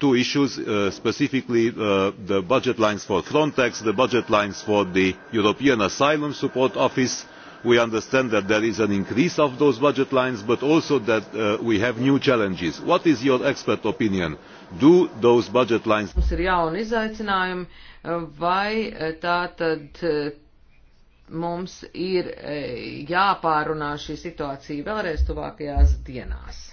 two issues uh, specifically uh, the budget lines for frontex the budget lines for the european asylum support office. we understand that there is an increase of those budget lines but also that uh, we have new challenges. what is your expert opinion? do those budget lines. mums ir jauni izaicinājumi uh, vai uh, tātad uh, mums ir jāpārunā šī situācija vēlreiz tuvākajās dienās.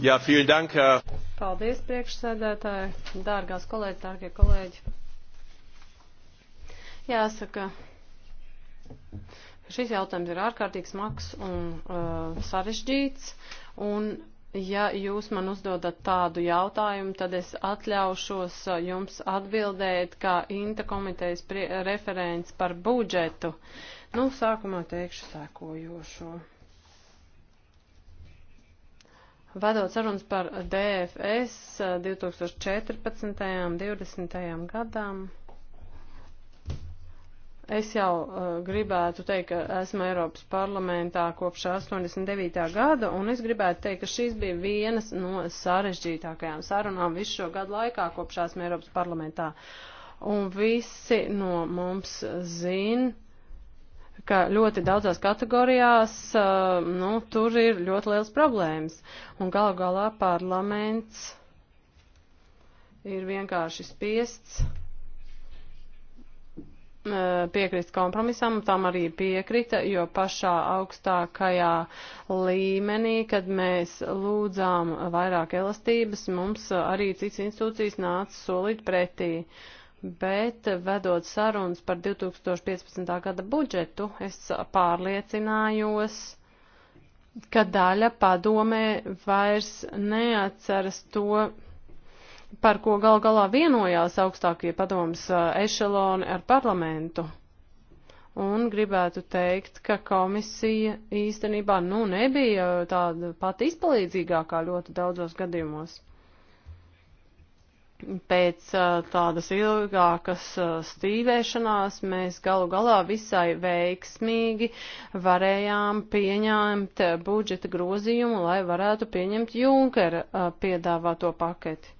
Jā, vielen dank. Paldies, priekšsēdētāji, dārgās kolēģi, dārgie kolēģi. Jāsaka, šis jautājums ir ārkārtīgi smags un uh, sarežģīts, un ja jūs man uzdodat tādu jautājumu, tad es atļaušos uh, jums atbildēt kā Inta komitejas referents par budžetu. Nu, sākumā teikšu sēkojošo. Vadot sarunas par DFS 2014. un 2020. gadām, es jau uh, gribētu teikt, ka esmu Eiropas parlamentā kopš 89. gada, un es gribētu teikt, ka šīs bija vienas no sarežģītākajām sarunām visu šo gadu laikā, kopš esmu Eiropas parlamentā. Un visi no mums zina, ka ļoti daudzās kategorijās uh, nu, tur ir ļoti liels problēmas. Un galu galā parlaments ir vienkārši spiests uh, piekrist kompromisam, tam arī piekrita, jo pašā augstākajā līmenī, kad mēs lūdzām vairāk elastības, mums arī cits institūcijas nāca solīt pretī. Uh, bet vedot sarunas par 2015. gada budžetu, es pārliecinājos, ka daļa padomē vairs neatceras to, par ko gal galā vienojās augstākie padomas ešeloni ar parlamentu. Un gribētu teikt, ka komisija īstenībā nu nebija tāda pati izpalīdzīgākā ļoti daudzos gadījumos pēc tādas ilgākas stīvēšanās mēs galu galā visai veiksmīgi varējām pieņemt budžeta grozījumu, lai varētu pieņemt Junkera piedāvāto paketi.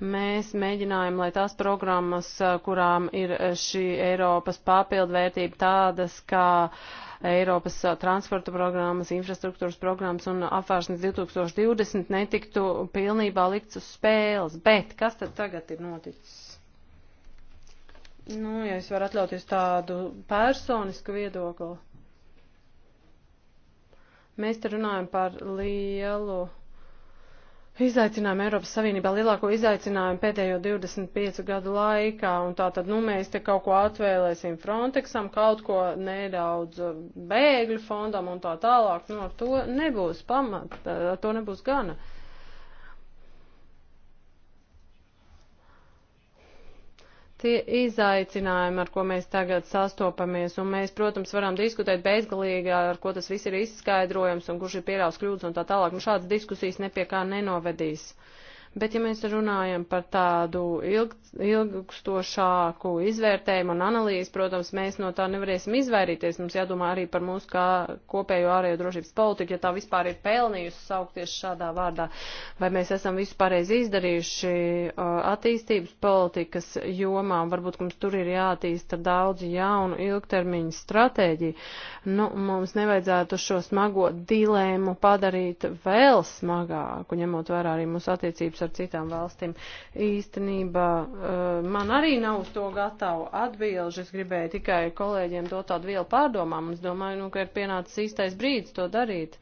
Mēs mēģinājām, lai tās programmas, kurām ir šī Eiropas papildvērtība tādas kā uh, Eiropas transporta programmas, infrastruktūras programmas un apvārsnes 2020 netiktu pilnībā likts uz spēles. Bet kas tad tagad ir noticis? Nu, ja es varu atļauties tādu personisku viedokli. Mēs te runājam par lielu Izaicinājumi Eiropas Savienībā lielāko izaicinājumu pēdējo 25 gadu laikā, un tā tad, nu, mēs te kaut ko atvēlēsim Frontexam, kaut ko nedaudz bēgļu fondam un tā tālāk, nu, ar to nebūs pamat, ar to nebūs gana. Uh, tie izaicinājumi, ar ko mēs tagad sastopamies, un mēs, protams, varam diskutēt bezgalīgi, ar ko tas viss ir izskaidrojams un kurš ir pieļaus kļūdas un tā tālāk. Nu, šādas diskusijas nepie kā nenovedīs. Uh, Bet, ja mēs runājam par tādu ilg, ilgstošāku izvērtējumu un analīzi, protams, mēs no tā nevarēsim izvairīties. Mums jādomā arī par mūsu kā kopējo ārējo drošības politiku, ja tā vispār ir pelnījusi saukties šādā vārdā. Vai mēs esam visu pareizi izdarījuši attīstības politikas jomā, un varbūt mums tur ir jātīsta daudz jaunu ilgtermiņu stratēģiju. Nu, mums nevajadzētu šo smago dilēmu padarīt vēl smagāku, ņemot vērā arī mūsu attiecības attiecības ar citām valstīm. Īstenībā eh, man arī nav uz to gatavu atbilžu. Es gribēju tikai kolēģiem dot tādu vielu pārdomām. Es domāju, nu, ka ir pienācis īstais brīdis to darīt.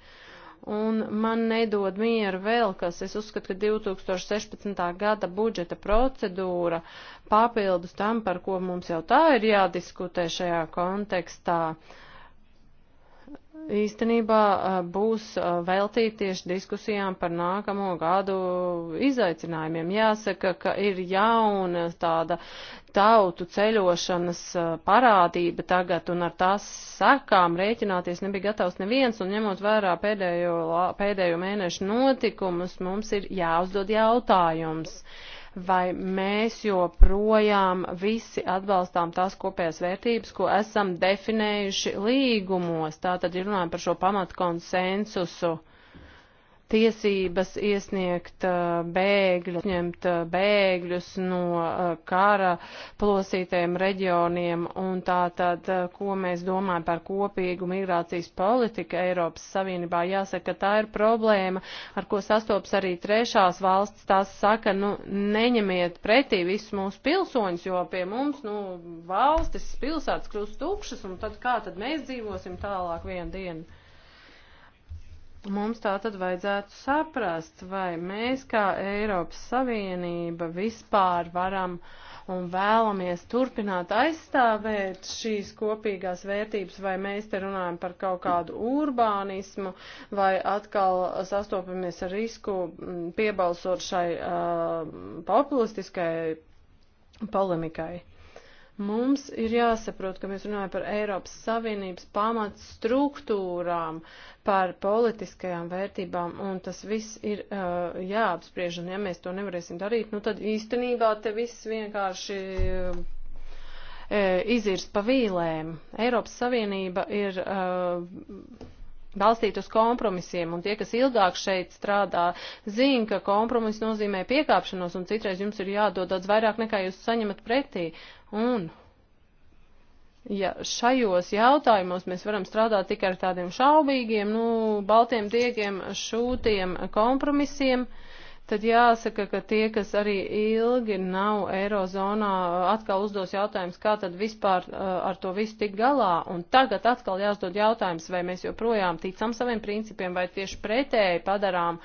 Un man nedod mieru vēl, kas es uzskatu, ka 2016. gada budžeta procedūra papildus tam, par ko mums jau tā ir jādiskutē šajā kontekstā. Uh, īstenībā būs veltīti tieši diskusijām par nākamo gadu izaicinājumiem. Jāsaka, ka ir jauna tāda tautu ceļošanas parādība tagad, un ar tās sakām rēķināties nebija gatavs neviens, un ņemot vērā pēdējo, pēdējo mēnešu notikumus, mums ir jāuzdod jautājums. Uh, vai mēs joprojām visi atbalstām tās kopējās vērtības, ko esam definējuši līgumos. Tātad ir runājumi par šo pamatkonsensusu. konsensusu tiesības iesniegt bēgļus, ņemt bēgļus no kara plosītiem reģioniem un tātad, ko mēs domājam par kopīgu migrācijas politiku Eiropas Savienībā. Jāsaka, tā ir problēma, ar ko sastops arī trešās valsts. Tās saka, nu, neņemiet pretī visus mūsu pilsoņus, jo pie mums, nu, valstis, pilsētas kļūst tukšas un tad kā tad mēs dzīvosim tālāk vienu dienu. Mums tā tad vajadzētu saprast, vai mēs kā Eiropas Savienība vispār varam un vēlamies turpināt aizstāvēt šīs kopīgās vērtības, vai mēs te runājam par kaut kādu urbānismu, vai atkal sastopamies ar risku mm, piebalsot šai uh, populistiskai polemikai. Mums ir jāsaprot, ka mēs runājam par Eiropas Savienības pamats struktūrām, par politiskajām vērtībām, un tas viss ir uh, jāapspriež, un ja mēs to nevarēsim darīt, nu tad īstenībā te viss vienkārši uh, e, izirs pa vīlēm. Eiropas Savienība ir. Uh, balstīt uz kompromisiem, un tie, kas ilgāk šeit strādā, zina, ka kompromis nozīmē piekāpšanos, un citreiz jums ir jādod daudz vairāk nekā jūs saņemat pretī. Un ja šajos jautājumos mēs varam strādāt tikai ar tādiem šaubīgiem, nu, baltiem diegiem, šūtiem kompromisiem, uh, tad jāsaka, ka tie, kas arī ilgi nav eirozonā, atkal uzdos jautājums, kā tad vispār uh, ar to visu tik galā. Un tagad atkal jāuzdod jautājums, vai mēs joprojām ticam saviem principiem, vai tieši pretēji padarām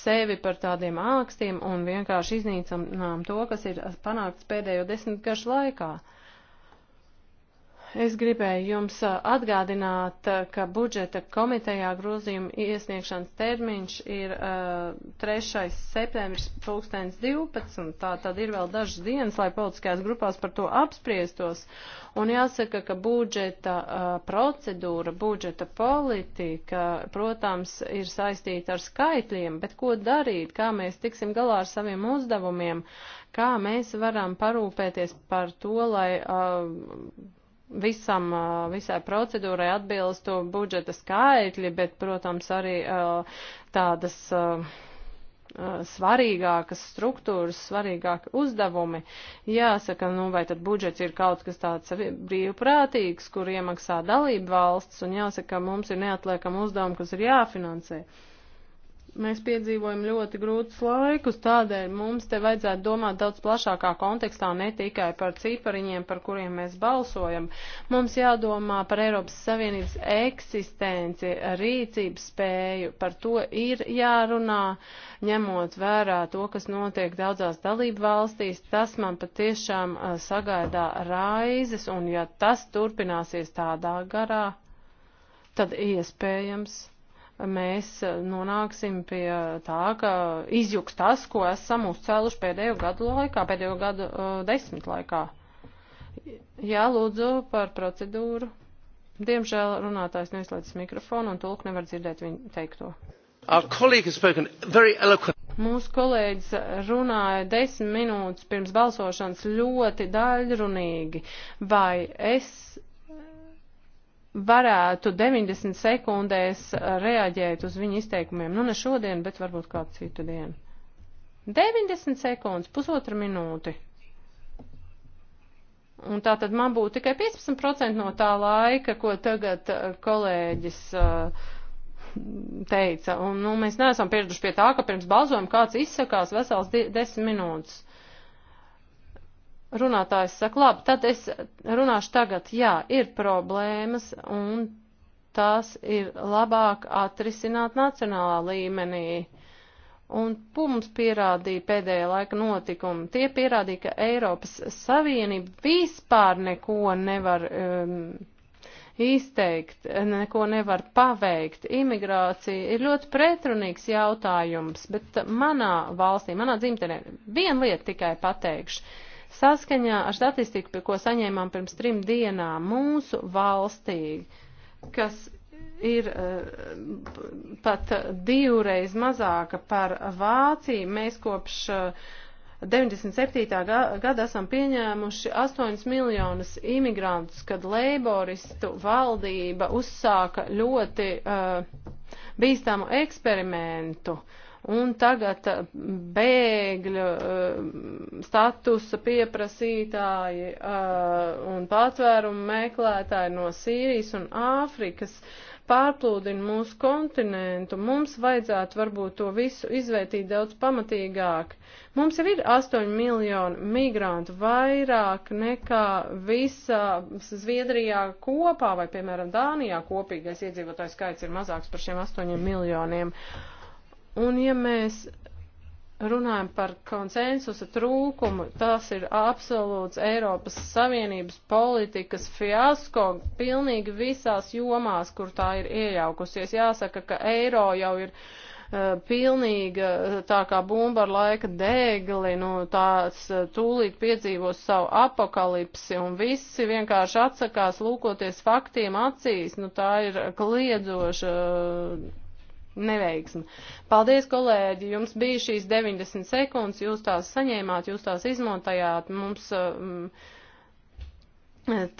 sevi par tādiem ākstiem un vienkārši iznīcam to, kas ir panākts pēdējo desmitgažu laikā. Es gribēju jums atgādināt, ka budžeta komitejā grozījuma iesniegšanas termiņš ir uh, 3. septembris 2012. Tā tad ir vēl dažas dienas, lai politiskajās grupās par to apspriestos. Un jāsaka, ka budžeta uh, procedūra, budžeta politika, protams, ir saistīta ar skaitļiem, bet ko darīt, kā mēs tiksim galā ar saviem uzdevumiem, kā mēs varam parūpēties par to, lai. Uh, visam, visai procedūrai atbilstu budžeta skaitļi, bet, protams, arī tādas svarīgākas struktūras, svarīgāki uzdevumi. Jāsaka, nu vai tad budžets ir kaut kas tāds brīvprātīgs, kur iemaksā dalība valsts, un jāsaka, mums ir neatliekama uzdevuma, kas ir jāfinansē. Uh, Mēs piedzīvojam ļoti grūtus laikus, tādēļ mums te vajadzētu domāt daudz plašākā kontekstā, ne tikai par cipariņiem, par kuriem mēs balsojam. Mums jādomā par Eiropas Savienības eksistenci, rīcības spēju, par to ir jārunā, ņemot vērā to, kas notiek daudzās dalību valstīs. Tas man patiešām uh, sagaidā raizes, un ja tas turpināsies tādā garā, tad iespējams mēs nonāksim pie tā, ka izjūgs tas, ko esam uzcēluši pēdējo gadu laikā, pēdējo gadu uh, desmit laikā. Jā, lūdzu par procedūru. Diemžēl runātājs neizslēdz mikrofonu un tulk nevar dzirdēt viņu teikto. Mūsu kolēģis runāja desmit minūtes pirms balsošanas ļoti daļrunīgi. Vai es varētu 90 sekundēs uh, reaģēt uz viņu izteikumiem. Nu, ne šodien, bet varbūt kādu citu dienu. 90 sekundes, pusotra minūte. Un tā tad man būtu tikai 15% no tā laika, ko tagad uh, kolēģis uh, teica. Un, nu, mēs neesam pieraduši pie tā, ka pirms balsojuma kāds izsakās vesels 10 minūtes runātājs saka, labi, tad es runāšu tagad, jā, ir problēmas un tās ir labāk atrisināt nacionālā līmenī. Un mums pierādīja pēdējā laika notikumi. Tie pierādīja, ka Eiropas Savienība vispār neko nevar um, izteikt, neko nevar paveikt. Imigrācija ir ļoti pretrunīgs jautājums, bet manā valstī, manā dzimtenē, viena lieta tikai pateikšu. Uh, Saskaņā ar statistiku, pie ko saņēmām pirms trim dienām mūsu valstī, kas ir uh, pat divreiz mazāka par Vāciju, mēs kopš uh, eh, 97. gada esam pieņēmuši 8 miljonus imigrantus, kad leiboristu valdība uzsāka ļoti uh, bīstamu eksperimentu. Uh, un tagad uh, bēgļu uh, statusa pieprasītāji uh, un patvērumu meklētāji no Sīrijas un Āfrikas pārplūdina mūsu kontinentu. Mums vajadzētu varbūt to visu izvērtīt daudz pamatīgāk. Mums jau ir 8 miljoni migrantu vairāk nekā visā Zviedrijā kopā vai, piemēram, Dānijā kopīgais iedzīvotājs skaits ir mazāks par šiem 8 miljoniem. Uh, Un ja mēs runājam par konsensusa trūkumu, tas ir absolūts Eiropas Savienības politikas fiasko pilnīgi visās jomās, kur tā ir iejaukusies. Jāsaka, ka eiro jau ir uh, pilnīga eh, tā kā bumba ar laika dēgli, nu tāds eh, tūlīt piedzīvos savu apakalipsi un visi vienkārši atsakās lūkoties faktiem acīs, nu tā ir kliedzoša uh, neveiksmi. Paldies, kolēģi, jums bija šīs 90 sekundes, jūs tās saņēmāt, jūs tās izmantojāt, mums um,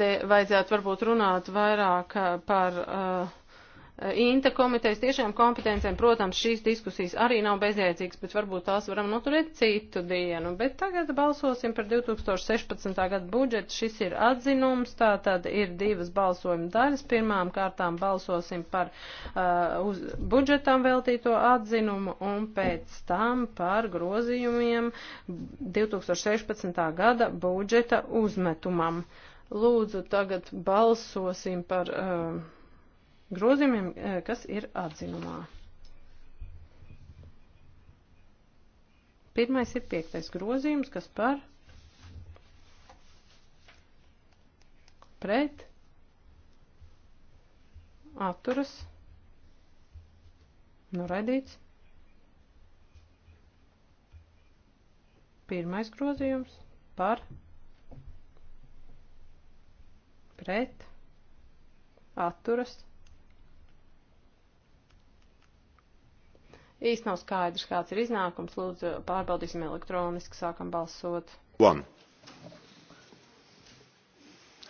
te vajadzētu varbūt runāt vairāk eh, par. Uh, Inta komitejas tiešām kompetencēm, protams, šīs diskusijas arī nav bezjēdzīgas, bet varbūt tās varam noturēt citu dienu. Bet tagad balsosim par 2016. gadu budžetu. Šis ir atzinums, tā tad ir divas balsojuma daļas. Pirmām kārtām balsosim par uh, uz budžetām veltīto atzinumu un pēc tam par grozījumiem 2016. gada budžeta uzmetumam. Lūdzu, tagad balsosim par. Uh, grozījumiem, eh, kas ir atzinumā. Pirmais ir piektais grozījums, kas par pret atturas noraidīts. Pirmais grozījums par pret atturas noraidīts Īsti nav skaidrs, kāds ir iznākums. Lūdzu, pārbaudīsim elektroniski, sākam balsot. One.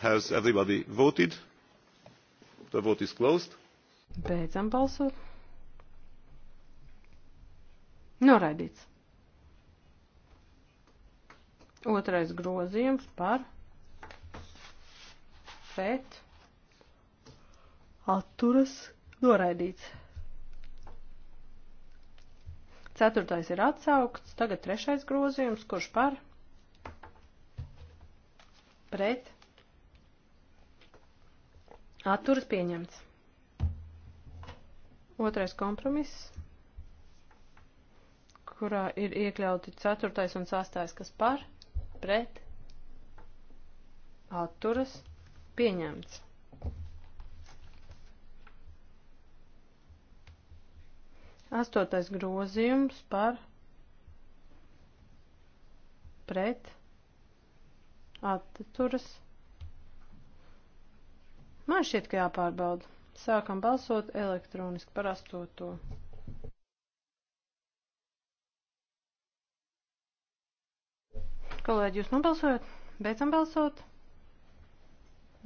Has everybody voted? The vote is closed. Beidzam balsot. Noraidīts. Otrais grozījums par pret atturas noraidīts. Ceturtais ir atsaukts. Tagad trešais grozījums, kurš par pret atturas pieņemts. Otrais kompromiss, kurā ir iekļauti ceturtais un sastais, kas par pret atturas pieņemts. Astotais grozījums par pret atturas. Man šķiet, ka jāpārbauda. Sākam balsot elektroniski par astoto. Kolēģi, jūs nobalsojat? Beidzam balsot?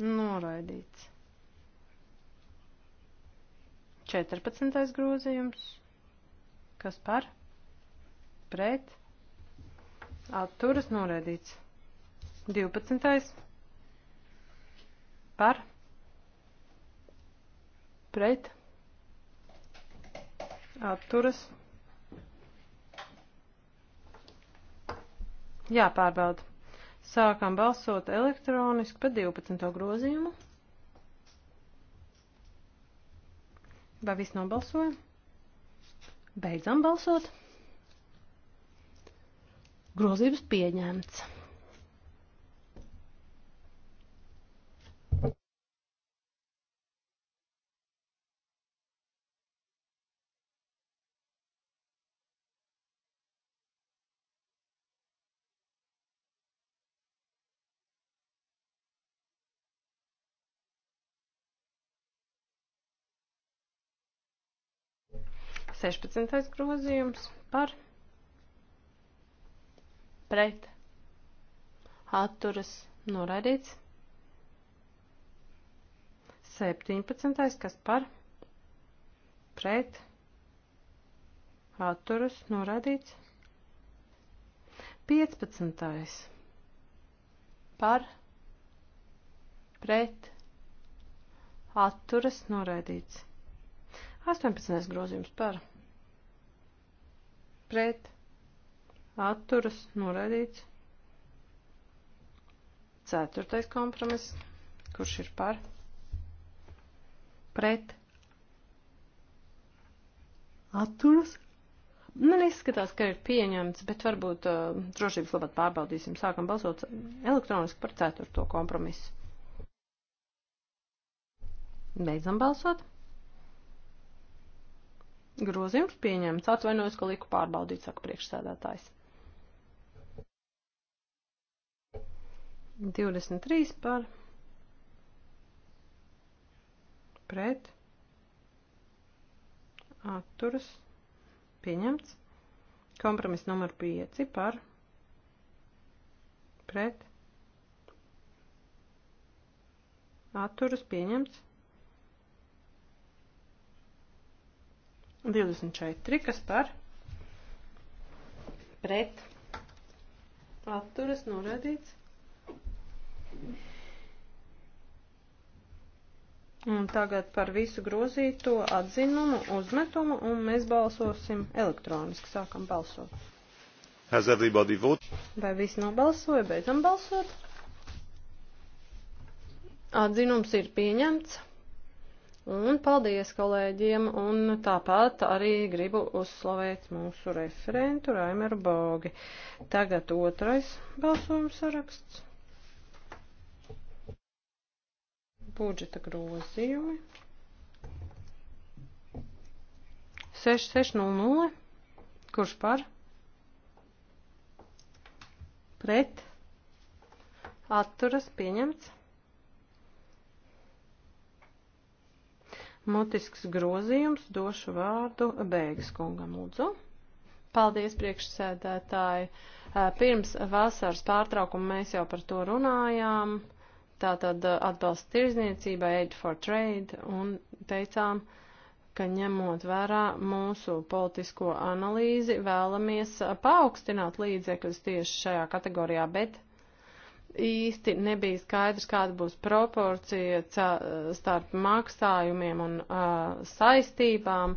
Noraidīts. 14. grozījums. Kas par? Pret. Atturas noraidīts. 12. Par. Pret. Atturas. Jāpārbauda. Sākam balsot elektroniski par 12. grozījumu. Vai viss nobalsoja? Beidzam balsot. Grozības pieņemts. 16. grozījums par pret atturas noraidīts. 17. kas par pret atturas noraidīts. 15. par pret atturas noraidīts. 18. grozījums par pret pret atturas noraidīts. Ceturtais kompromiss, kurš ir par pret atturas. Man izskatās, ka ir pieņemts, bet varbūt uh, drošības labāk pārbaudīsim. Sākam balsot elektroniski par ceturto kompromisu. Beidzam balsot. Grozījums pieņemts. Atvainojos, ka liku pārbaudīt, saka priekšsēdētājs. 23 par pret atturas pieņemts. Kompromiss numur 5 par pret atturas pieņemts. 24, kas par pret atturas norādīts. Un tagad par visu grozīto atzinumu, uzmetumu, un mēs balsosim elektroniski, sākam balsot. Has everybody voted? Vai visi nobalsoja, beidzam balsot? Atzinums ir pieņemts. Un paldies kolēģiem, un tāpat arī gribu uzslavēt mūsu referentu Raimeru Bogi. Tagad otrais balsojums saraksts. Budžeta grozījumi. 6600. Kurš par? Pret. Atturas pieņemts. Mutisks grozījums došu vārdu Bēgas kungam, lūdzu. Paldies, priekšsēdētāji. Pirms vasaras pārtraukuma mēs jau par to runājām. Tātad atbalsts tirzniecībai, aid for trade, un teicām, ka ņemot vērā mūsu politisko analīzi, vēlamies paaugstināt līdzekļus tieši šajā kategorijā, bet īsti nebija skaidrs, kāda būs proporcija starp maksājumiem un uh, saistībām.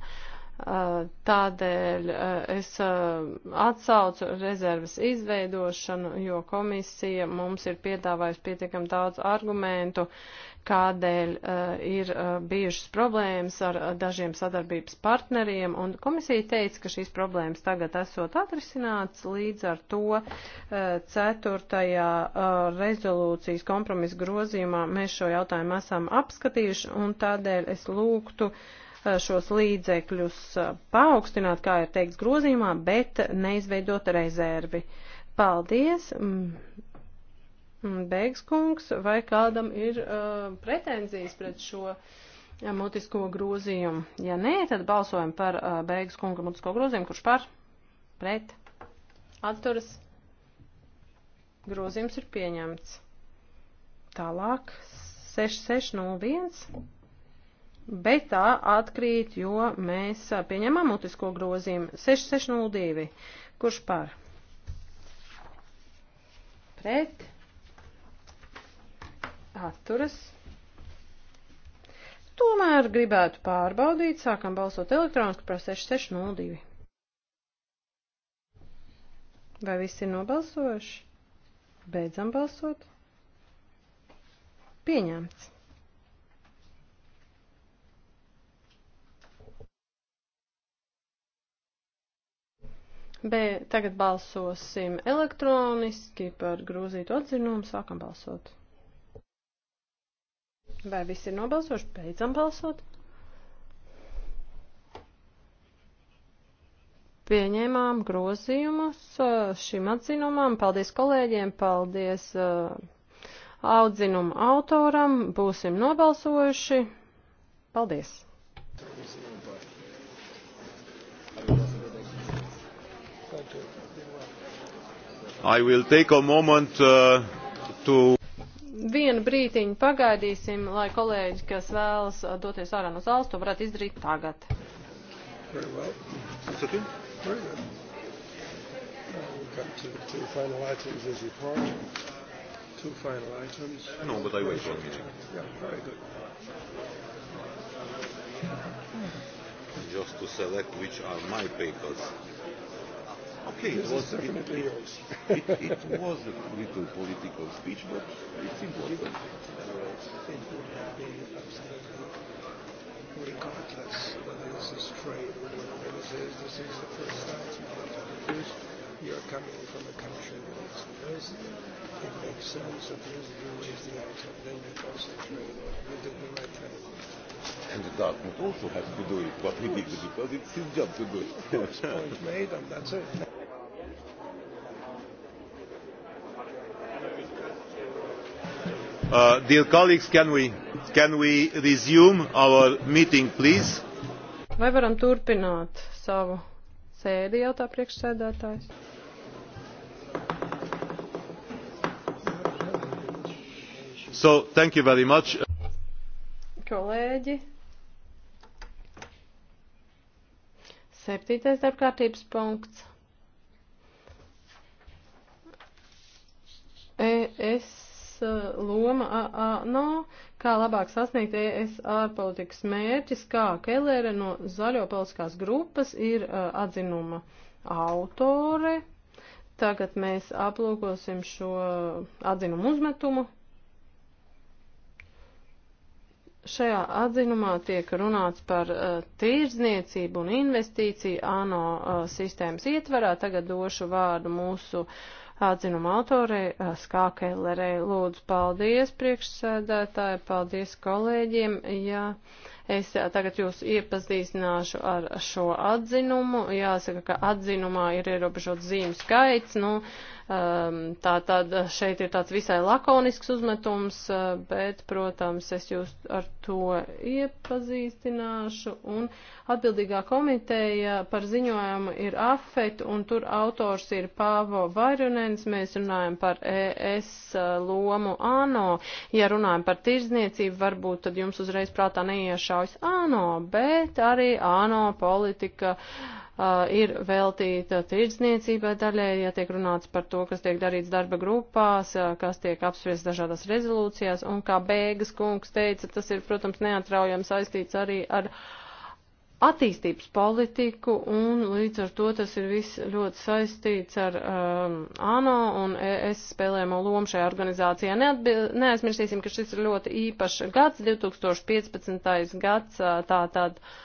Uh, tādēļ uh, es uh, atsaucu rezerves izveidošanu, jo komisija mums ir piedāvājusi pietiekam daudz argumentu, uh, kādēļ uh, ir uh, bijušas problēmas ar uh, dažiem sadarbības partneriem, un komisija teica, ka šīs problēmas tagad esot atrisināts, līdz ar to uh, ceturtajā uh, rezolūcijas kompromisa grozījumā mēs šo jautājumu esam apskatījuši, un tādēļ es lūgtu uh, šos līdzekļus paaugstināt, kā ir teikts grozījumā, bet neizveidot rezervi. Paldies! Mm. Mm, Beigskungs, vai kādam ir uh, pretenzijas pret šo uh, mutisko grozījumu? Ja nē, tad balsojam par uh, Beigskunga mutisko grozījumu, kurš par, pret, atturas. Grozījums ir pieņemts. Tālāk 6601 nu, bet tā atkrīt, jo mēs uh, pieņemam mutisko grozījumu 6602. Nu, kurš par? Pret atturas. Tomēr gribētu pārbaudīt, sākam balsot elektroniski par 6602. Vai visi ir nobalsojuši? Beidzam balsot. Pieņemts. B. Tagad balsosim elektroniski par grūzītu atzinumu. Sākam balsot. Vai visi ir nobalsojuši? Beidzam balsot. Pieņēmām grozījumus šim atzinumam. Paldies kolēģiem, paldies audzinuma autoram. Būsim nobalsojuši. Paldies! I will take a moment uh, to vienu brītiņu pagaidīsim, lai kolēģi, kas vēlas uh, doties ārā no zāles, to varētu izdarīt tagad. Very well. That's okay. Very good. Now we've got to, to final items as report. Two final items. No, but I wait for the meeting. Yeah, very good. Just to select which are my papers. Okay, this it was, is definitely it, yours. it, it was a little political speech, but it's important. It would have been absolutely regardless whether this is trade or whatever this is. This is the first time it's been introduced. You're coming from a country that is diverse. It makes sense that you, you raise the item, then you concentrate. You did the right thing. And the government also has to do it, what we did, because it's his job to do it. Point made, and that's it. Uh, dear colleagues, can we, can we resume our meeting, please? Vai varam turpināt savu sēdi, jautā priekšsēdētājs? So, thank you very much. Kolēģi, septītais darbkārtības punkts. ES Eh, loma ANO, kā labāk sasniegt ES ārpolitikas mērķis, kā Kellere no Zaļo politiskās grupas ir eh, atzinuma autore. Tagad mēs aplūkosim šo atzinumu uzmetumu. Šajā atzinumā tiek runāts par uh, eh, tirzniecību un investīciju ANO uh, sistēmas ietvarā. Tagad došu vārdu mūsu uh, Atzinuma autorei eh, Skā Kellerei lūdzu paldies priekšsēdētāji, paldies kolēģiem. Jā, es eh, tagad jūs iepazīstināšu ar šo atzinumu. Jāsaka, ka atzinumā ir ierobežots zīmju skaits. Nu, uh, Um, tā tad šeit ir tāds visai lakonisks uzmetums, uh, bet, protams, es jūs ar to iepazīstināšu. Un atbildīgā komiteja par ziņojumu ir AFET, un tur autors ir Pāvo Vairunens. Mēs runājam par ES uh, lomu ANO. Ja runājam par tirzniecību, varbūt tad jums uzreiz prātā neiešaujas ANO, bet arī ANO politika. Uh, ir veltīta tirdzniecībai daļai, ja tiek runāts par to, kas tiek darīts darba grupās, kas tiek apspriests dažādās rezolūcijās, un kā Bēgas kungs teica, tas ir, protams, neatraujams saistīts arī ar attīstības politiku, un līdz ar to tas ir viss ļoti saistīts ar um, ANO un ES spēlēmo lomu šajā organizācijā. Neatbil, neaizmirsīsim, ka šis ir ļoti īpašs gads, 2015. gads, tā tad. Tā,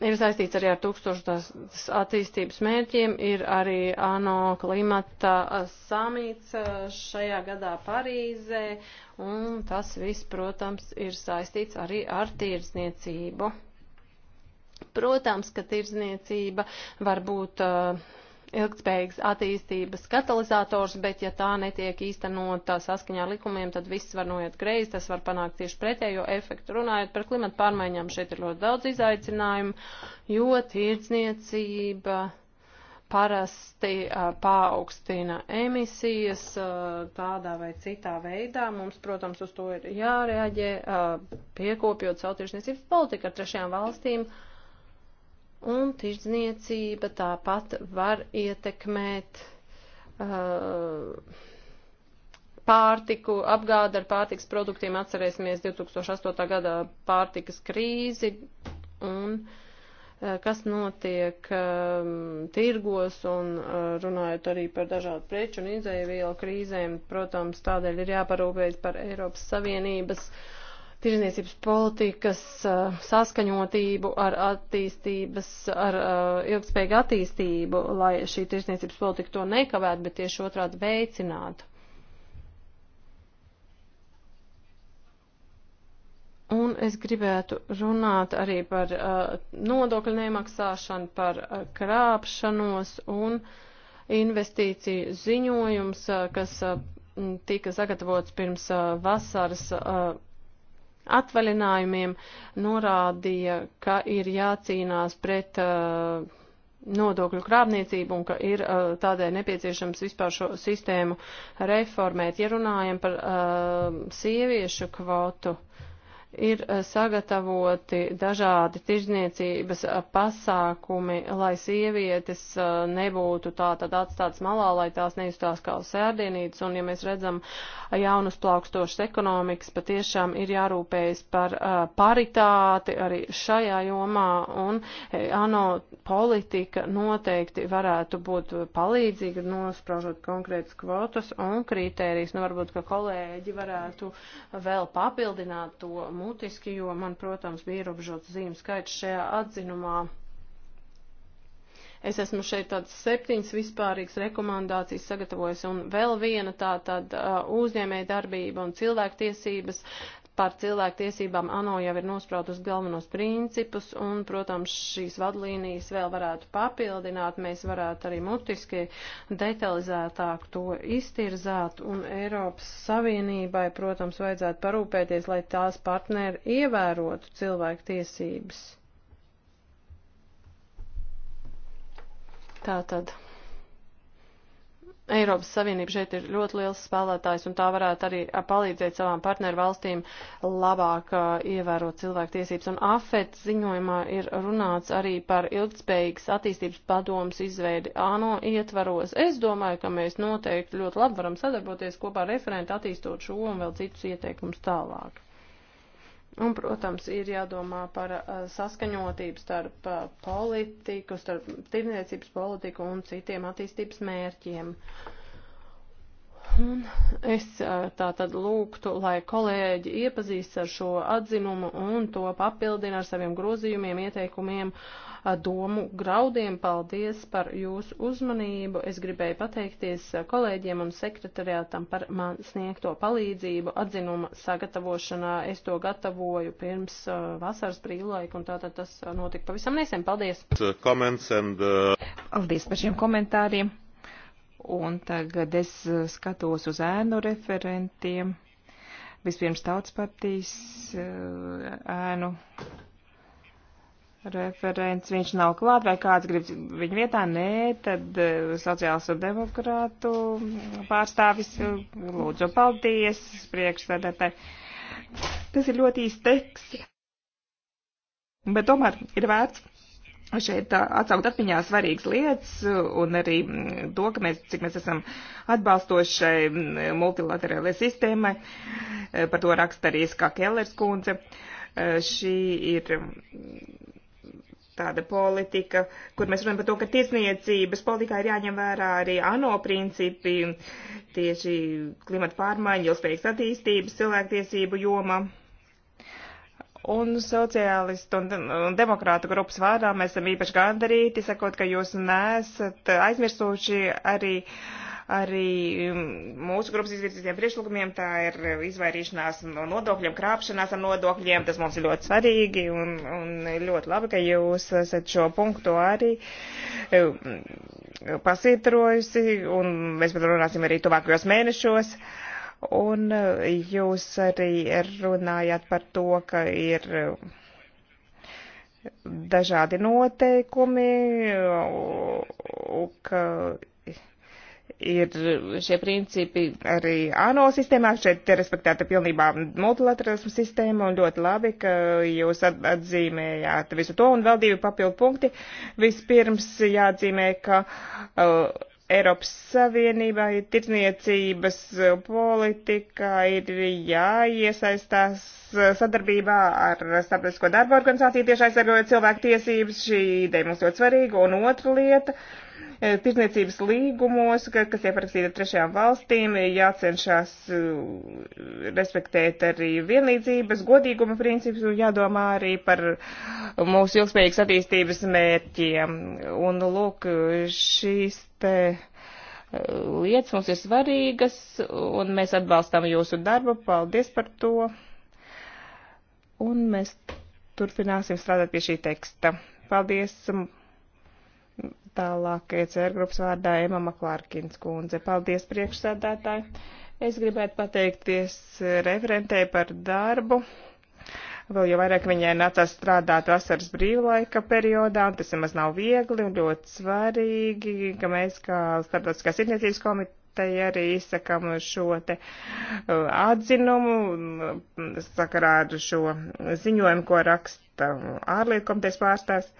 ir saistīts arī ar tūkstošās attīstības mērķiem, ir arī ANO klimata samīts uh, šajā gadā Parīzē, un tas viss, protams, ir saistīts arī ar tirdzniecību. Protams, ka tirdzniecība var būt uh, ilgspējīgas attīstības katalizators, bet ja tā netiek īstenota saskaņā likumiem, tad viss var noiet greizi, tas var panākt tieši pretējo efektu. Runājot par klimatu pārmaiņām, šeit ir ļoti daudz izaicinājumu, jo tirdzniecība parasti uh, paaugstina emisijas uh, tādā vai citā veidā. Mums, protams, uz to ir jāreaģē, uh, piekopjot savu tirsniecības politiku ar trešajām valstīm. Uh, Un tirdzniecība tāpat var ietekmēt uh, pārtiku, apgāda ar pārtikas produktiem. Atcerēsimies 2008. gadā pārtikas krīzi un uh, kas notiek um, tirgos un uh, runājot arī par dažādu preču un izēvielu krīzēm. Protams, tādēļ ir jāparūpējas par Eiropas Savienības uh, tirzniecības politikas eh, saskaņotību ar attīstības, ar eh, ilgspējīgu attīstību, lai šī tirzniecības politika to nekavētu, bet tieši otrādi veicinātu. Un es gribētu runāt arī par uh, nodokļu nemaksāšanu, par uh, krāpšanos un investīciju ziņojums, uh, kas uh, tika sagatavots pirms uh, vasaras. Uh, atvaļinājumiem norādīja, ka ir jācīnās pret uh, nodokļu krāpniecību un ka ir uh, tādēļ nepieciešams vispār šo sistēmu reformēt. Ja runājam par uh, sieviešu kvotu, uh, ir eh, sagatavoti dažādi tirzniecības eh, pasākumi, lai sievietes eh, nebūtu tā tad atstātas malā, lai tās neizstās kā sērdienītas, un ja mēs redzam jaunus plaukstošas ekonomikas, patiešām ir jārūpējas par paritāti arī šajā jomā, un ANO politika noteikti varētu būt palīdzīga, nospražot konkrētas kvotas un kritērijas, nu varbūt, ka kolēģi varētu vēl papildināt to mutiski, jo man, protams, bija ierobežots zīmju skaits šajā atzinumā. Es esmu šeit tādas septiņas vispārīgas rekomendācijas sagatavojis, un vēl viena tā tad uzņēmēja darbība un cilvēktiesības par cilvēktiesībām ANO jau ir nospraudus galvenos principus, un, protams, šīs vadlīnijas vēl varētu papildināt, mēs varētu arī mutiski detalizētāk to iztirzāt, un Eiropas Savienībai, protams, vajadzētu parūpēties, lai tās partneri ievērotu cilvēktiesības. Tātad. Eiropas Savienība šeit ir ļoti liels spēlētājs, un tā varētu arī palīdzēt savām partneru valstīm labāk uh, ievērot cilvēktiesības. Un AFET ziņojumā ir runāts arī par ilgspējīgas attīstības padomus izveidi ANO ietvaros. Es domāju, ka mēs noteikti ļoti labi varam sadarboties kopā ar referentu attīstot šo un vēl citus ieteikumus tālāk. Un, protams, ir jādomā par saskaņotību starp politiku, starp tirniecības politiku un citiem attīstības mērķiem. Uh, Un es tā tad lūgtu, lai kolēģi iepazīst ar šo atzinumu un to papildina ar saviem grozījumiem, ieteikumiem, domu graudiem. Paldies par jūsu uzmanību. Es gribēju pateikties kolēģiem un sekretariātam par man sniegto palīdzību atzinuma sagatavošanā. Es to gatavoju pirms vasaras brīvlaika un tātad tas notika pavisam nesen. Paldies! And, uh... Paldies par šiem komentāriem! Un tagad es uh, skatos uz ēnu referentiem. Vispirms tautas partijas uh, ēnu referents. Viņš nav klāt, vai kāds grib viņu vietā? Nē, tad uh, sociāls un demokrātu pārstāvis. Lūdzu, paldies priekšsēdētāji. Tas ir ļoti īsts teksts. Bet tomēr ir vērts šeit atsaukt atmiņā svarīgas lietas un arī mm, to, ka mēs, cik mēs esam atbalstošai mm, multilaterālajai sistēmai. Eh, par to raksta arī Skā Kellers kundze. Eh, šī ir mm, tāda politika, kur mēs runājam par to, ka tiesniecības politikā ir jāņem vērā arī ANO principi, tieši klimata pārmaiņu, ilgspējīgas attīstības, cilvēktiesību joma. Un sociālistu un, un demokrātu grupas vārdā mēs esam īpaši gandarīti, sakot, ka jūs nesat aizmirsuši arī, arī mm, mūsu grupas izvirzītiem priekšlikumiem. Tā ir izvairīšanās no nodokļiem, krāpšanās ar nodokļiem. Tas mums ir ļoti svarīgi un, un ļoti labi, ka jūs esat šo punktu arī mm, pasītrojusi. Un mēs par to runāsim arī tuvākajos mēnešos. Uh, Un eh, jūs arī runājāt par to, ka ir eh, dažādi noteikumi, ka ir šie principi arī ANO sistēmā, šeit ir respektēta pilnībā multilateralismu sistēma un ļoti labi, ka jūs atzīmējāt visu to un vēl divi papildu punkti. Vispirms jāatzīmē, ka uh, Eiropas Savienībā ir tirdzniecības politikā, ir jāiesaistās sadarbībā ar Starptautisko darba organizāciju tieši aizsargojot cilvēku tiesības. Šī ideja mums ļoti svarīga. Un otra lieta E, tirzniecības līgumos, kas ir parakstīti ar trešajām valstīm, jācenšas e, respektēt arī vienlīdzības, godīguma principus un jādomā arī par mūsu ilgspējīgas attīstības mērķiem. Un, lūk, šīs te e, lietas mums ir svarīgas, un mēs atbalstām jūsu darbu. Paldies par to. Un mēs turpināsim strādāt pie šī teksta. Paldies Tālāk ECR grupas vārdā Ema Maklārkins kundze. Paldies priekšsēdētāji. Es gribētu pateikties referentē par darbu. Vēl jau vairāk viņai nācās strādāt vasaras brīvlaika periodā, un tas nemaz nav viegli un ļoti svarīgi, ka mēs kā starptautiskās izniecības komiteja tai arī izsakam šo te uh, atzinumu sakarā ar šo ziņojumu, ko raksta ārlietu komitejas pārstāvs.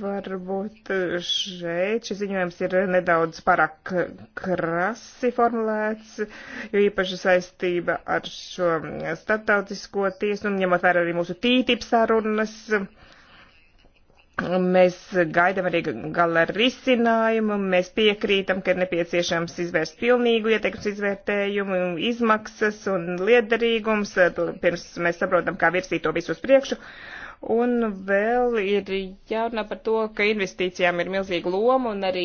Varbūt šeit šis ziņojums ir nedaudz pārāk krasi formulēts, jo īpaši saistība ar šo starptautisko tiesu, un ņemot vērā arī mūsu tītips sarunas, mēs gaidām arī gala risinājumu, mēs piekrītam, ka ir nepieciešams izvērst pilnīgu ieteikums izvērtējumu, izmaksas un liederīgums, pirms mēs saprotam, kā virsīt to visu uz priekšu. Uh, Un vēl ir jārunā par to, ka investīcijām ir milzīga loma un arī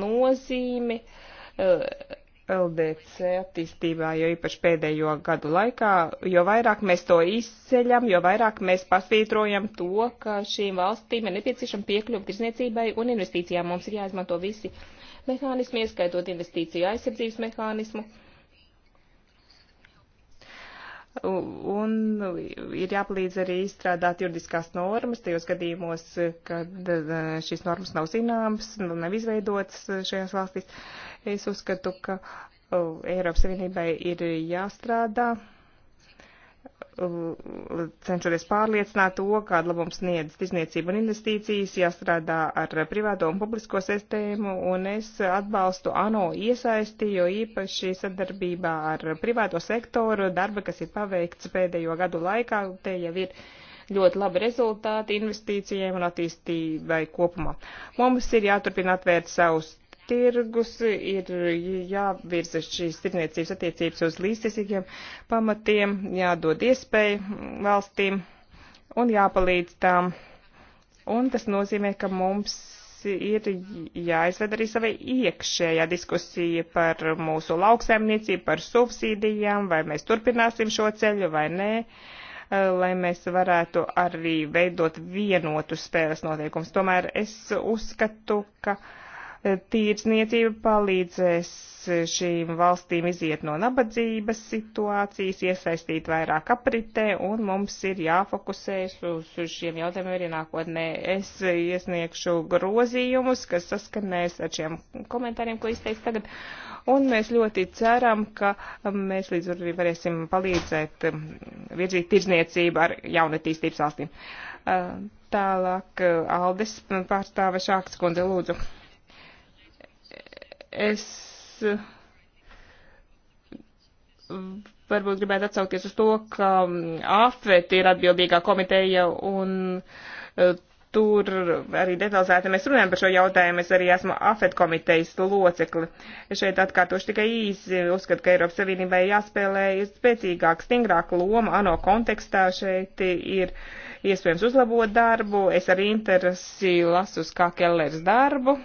nozīme eh, LDC attīstībā, jo īpaši pēdējo gadu laikā, jo vairāk mēs to izceļam, jo vairāk mēs pasvītrojam to, ka šīm valstīm ir nepieciešama piekļuva tirzniecībai un investīcijām. Mums ir jāizmanto visi mehānismi, ieskaitot investīciju aizsardzības mehānismu. Uh, un ir jāpalīdz arī izstrādāt juridiskās normas tajos gadījumos, kad eh, šīs normas nav zināmas, nav izveidotas eh, šajās valstīs. Es uzskatu, ka eh, Eiropas Savienībai ir jāstrādā Uh, cenšoties pārliecināt to, kāda labums sniedz tirzniecība un investīcijas, jāstrādā ar privāto un publisko sistēmu, un es atbalstu ANO iesaisti, jo īpaši sadarbībā ar privāto sektoru darba, kas ir paveikts pēdējo gadu laikā, te jau ir ļoti labi rezultāti investīcijiem un attīstībai kopumā. Mums ir jāturpina atvērt savus tirgus, ir jāvirza šīs tirniecības attiecības uz līdztiesīgiem pamatiem, jādod iespēju valstīm un jāpalīdz tām. Un tas nozīmē, ka mums ir jāizved arī savai iekšējā diskusija par mūsu lauksaimniecību, par subsīdijām, vai mēs turpināsim šo ceļu vai nē, lai mēs varētu arī veidot vienotus spēles noteikumus. Tomēr es uzskatu, ka. Uh, tīrdzniecība palīdzēs šīm valstīm iziet no nabadzības situācijas, iesaistīt vairāk apritē, un mums ir jāfokusēs uz, uz šiem jautājumiem arī nākotnē. Es iesniegšu grozījumus, kas saskanēs ar šiem komentāriem, ko izteiks tagad, un mēs ļoti ceram, ka mēs līdz arī varēsim palīdzēt um, virzīt tirdzniecību ar jaunatīstības valstīm. Uh, tālāk uh, Aldes pārstāve Šāks kundze lūdzu. Es varbūt gribētu atsaukties uz to, ka mm, AFET ir atbildīgā komiteja un e, tur arī detalizēti mēs runājam par šo jautājumu. Es arī esmu AFET komitejas locekli. Es šeit atkārtošu tikai īsi. Uzskatu, ka Eiropas Savienībai jāspēlē spēcīgāk, stingrāk loma ANO kontekstā. Šeit ir iespējams uzlabot darbu. Es arī interesi lasu uz kā Kellers darbu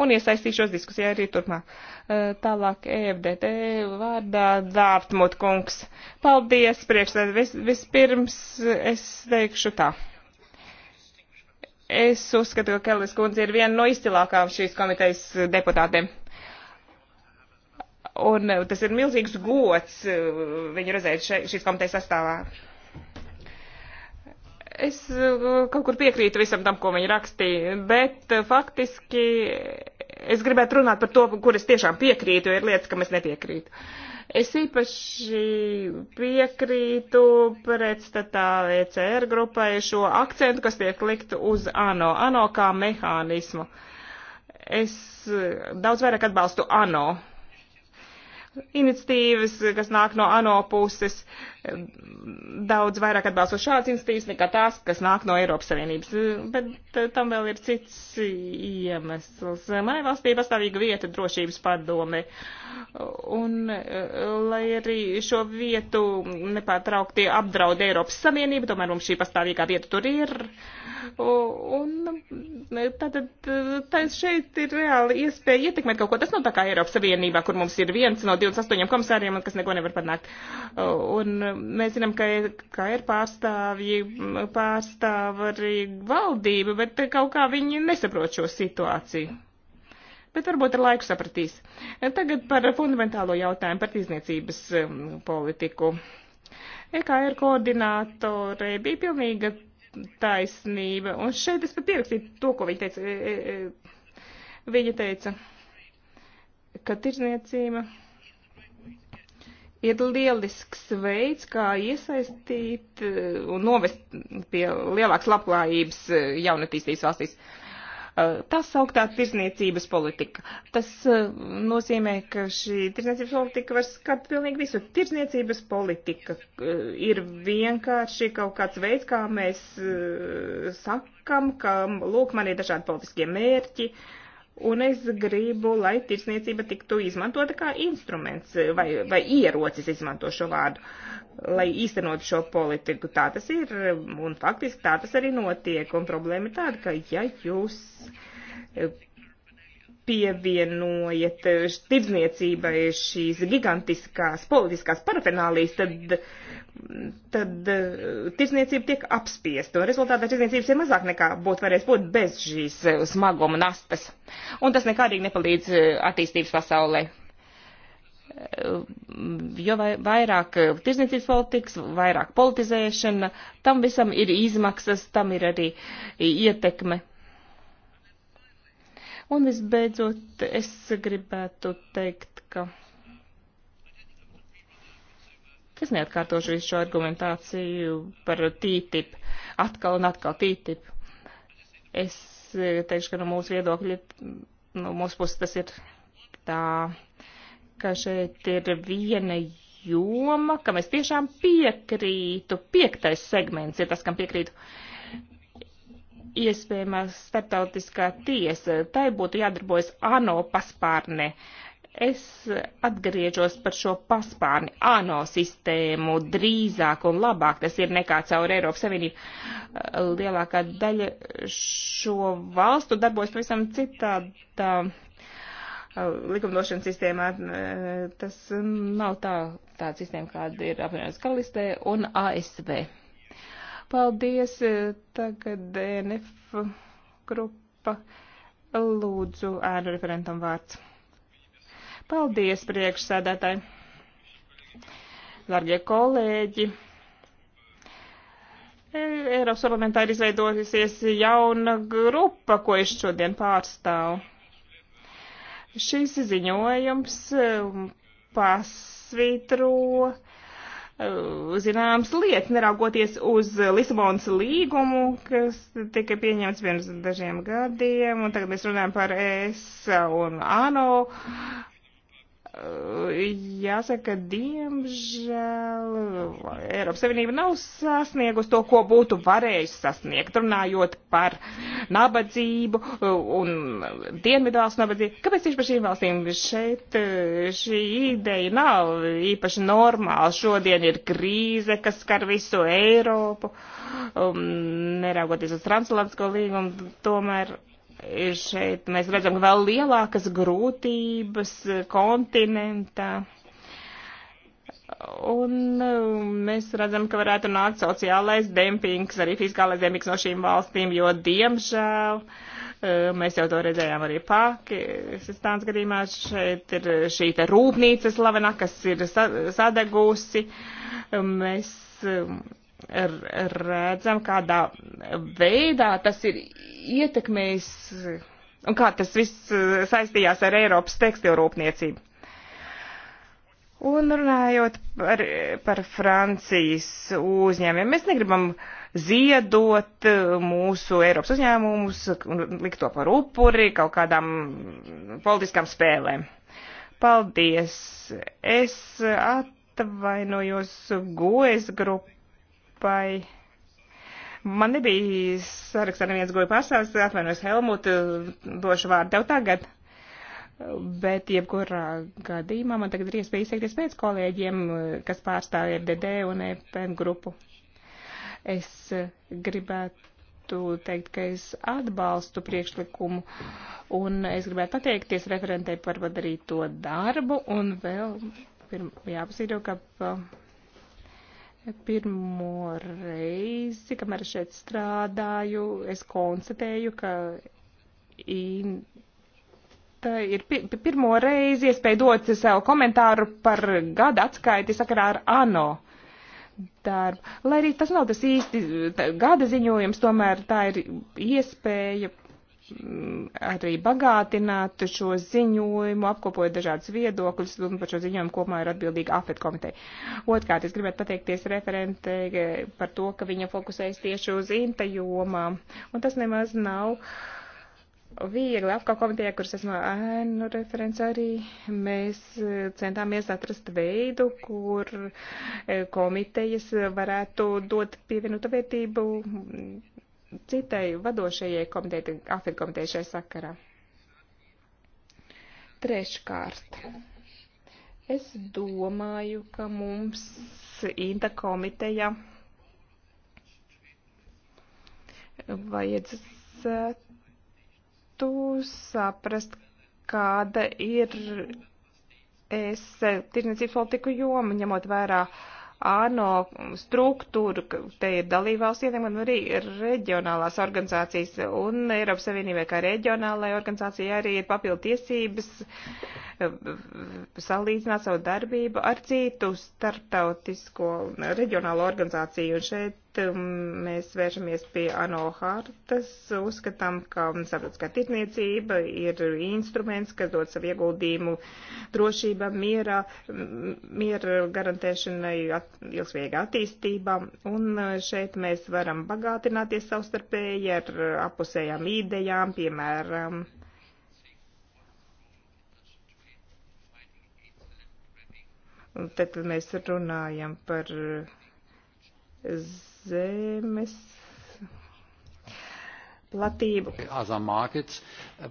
un iesaistīšos diskusijā arī turpmāk. Eh, tālāk EFDT vārdā Dārtmut kungs. Paldies, priekšsēd. Vis, vispirms es teikšu tā. Es uzskatu, ka Kelis kundze ir viena no izcilākām šīs komitejas deputātiem. Un eh, tas ir milzīgs gods eh, viņu redzēt šīs komitejas sastāvā. Es uh, kaut kur piekrītu visam tam, ko viņi rakstīja, bet uh, faktiski es gribētu runāt par to, kur es tiešām piekrītu, jo ir lietas, kam es nepiekrītu. Es īpaši piekrītu pretstatā ECR grupai šo akcentu, kas tiek likt uz ANO, ANO kā mehānismu. Es uh, daudz vairāk atbalstu ANO iniciatīvas, kas nāk no ANO puses. Uh, daudz vairāk atbalsta šādas institīvas nekā tās, kas nāk no Eiropas Savienības. Bet eh, tam vēl ir cits iemesls. Manai valstī pastāvīga vieta drošības padome. Un, eh, lai arī šo vietu nepārtraukti apdraud Eiropas Savienība, tomēr mums šī pastāvīgā vieta tur ir. Un tātad eh, tā šeit ir reāli iespēja ietekmēt kaut ko. Tas nav tā kā Eiropas Savienībā, kur mums ir viens no 28 komisāriem, kas neko nevar panākt. Un, mēs zinām, ka, ka ir pārstāvji, pārstāv arī valdība, bet kaut kā viņi nesaprot šo situāciju. Bet varbūt ar laiku sapratīs. Tagad par fundamentālo jautājumu par izniecības um, politiku. EKR koordinātore bija pilnīga taisnība, un šeit es pat pierakstīju to, ko viņa teica. E, e, e, viņa teica, ka tirzniecība ir lielisks veids, kā iesaistīt eh, un novest pie lielākas labklājības eh, jaunatīstības valstīs. Eh, Tas sauktā tirzniecības politika. Tas nozīmē, ka šī tirzniecības politika var skart pilnīgi visu. Tirzniecības politika ir vienkārši kaut kāds veids, kā mēs sakam, ka, lūk, man ir dažādi politiskie mērķi, uh, Un es gribu, lai tirsniecība tiktu izmantota kā instruments vai, vai ierocis, izmanto šo vārdu, lai īstenot šo politiku. Tā tas ir, un faktiski tā tas arī notiek. Un problēma ir tāda, ka ja jūs e, pievienojat tirdzniecībai šīs gigantiskās politiskās parafinālijas, tad tad e, tirzniecība tiek apspiesta, un rezultātā tirzniecības ir mazāk nekā būtu varējis būt bez šīs e, smaguma nastas. Un tas nekādīgi nepalīdz e, attīstības pasaulē. Jo vairāk tirzniecības politikas, vairāk politizēšana, tam visam ir izmaksas, tam ir arī ietekme. Un visbeidzot, es gribētu teikt, ka. Es neatkārtošu visu šo argumentāciju par TTIP, atkal un atkal TTIP. Es teikšu, ka no mūsu viedokļa, no mūsu puses tas ir tā, ka šeit ir viena joma, kam es tiešām piekrītu. Piektais segments ir tas, kam piekrītu. Iespējamā starptautiskā tiesa, tai būtu jādarbojas ANO paspārnē. Uh, Es atgriežos par šo paspārni ANO sistēmu drīzāk un labāk, tas ir nekā caur Eiropas Savienību. Lielākā daļa šo valstu darbojas pavisam citādā uh, likumdošanas sistēmā. Uh, tas nav tā, tā sistēma, kāda ir apvienotās kalistē un ASV. Paldies, uh, tagad DNF e grupa. Lūdzu, ēnu referentam vārds. Paldies, priekšsēdētāji! Dargie kolēģi! E, Eiropas parlamentā ir izveidojusies jauna grupa, ko es šodien pārstāvu. Šis ziņojums e, pasvitro e, zināmas lietas, neraugoties uz Lisabonas līgumu, kas tika pieņemts pirms dažiem gadiem, un tagad mēs runājam par ES un ANO jāsaka, diemžēl Eiropas Savienība nav sasniegusi to, ko būtu varējusi sasniegt, runājot par nabadzību un dienvidvalstu nabadzību. Kāpēc tieši par šīm valstīm šeit eh, šī ideja nav īpaši normāla? Šodien ir krīze, kas skar visu Eiropu, um, neraugoties uz transatlantisko līgumu, tomēr šeit mēs redzam vēl lielākas grūtības kontinentā. Un um, mēs redzam, ka varētu nākt sociālais dempings, arī fiskālais dempings no šīm valstīm, jo diemžēl um, mēs jau to redzējām arī Pakistāns gadījumā. Šeit ir šī te rūpnīca slavenā, kas ir sadegusi. Um, mēs redzam, kādā veidā tas ir ietekmējis un kā tas viss eh, saistījās ar Eiropas tekstilrūpniecību. Un runājot par, par Francijas uzņēmiem, mēs negribam ziedot eh, mūsu Eiropas uzņēmumus un likt to par upuri kaut kādām politiskām spēlēm. Paldies! Es atvainojos Goes grupu grupai. Man nebija sarakstā neviens goja pārstāvis, atvainojos Helmut, došu vārdu tev tagad. Bet jebkurā gadījumā man tagad ir iespēja izteikties pēc kolēģiem, kas pārstāv RDD un EPN grupu. Es gribētu teikt, ka es atbalstu priekšlikumu un es gribētu pateikties referentei par padarīto darbu un vēl pirmā jāpasīdo, ka Pirmo reizi, kamēr šeit strādāju, es konstatēju, ka Tā ir pirmo reizi iespēja dot sev komentāru par gada atskaiti sakarā ar ANO darbu. Lai arī tas nav tas īsti gada ziņojums, tomēr tā ir iespēja arī bagātināt šo ziņojumu, apkopojot dažādas viedokļus, un par šo ziņojumu kopumā ir atbildīga AFET komiteja. Otkārt, es gribētu pateikties referente par to, ka viņa fokusējas tieši uz inta jomām, un tas nemaz nav viegli apkā komitejā, kuras esmu ēnu referents arī, mēs e, centāmies atrast veidu, kur e, komitejas varētu dot pievienotu vērtību citai vadošajai komitejai, AFID komitejai šai sakarā. Treškārt. Es domāju, ka mums Inta komiteja vajadzētu saprast, kāda ir es tirniecības politiku joma, ņemot vairāk ANO struktūru, te ir dalībvalsts ietekme un arī reģionālās organizācijas. Un Eiropas Savienībai kā reģionālajai organizācijai arī ir papildu tiesības eh, salīdzināt savu darbību ar citu starptautisko reģionālo organizāciju. Un šeit Um, mēs vēršamies pie ANO hartas, uzskatām, ka sabiedriskā tirniecība ir instruments, kas dod savu ieguldījumu drošībā, mierā, miera garantēšanai, at, ilgsvīgā attīstībā, un uh, šeit mēs varam bagātināties savstarpēji ar apusējām idejām, piemēram, Tad mēs runājam par zemes platību. Uh,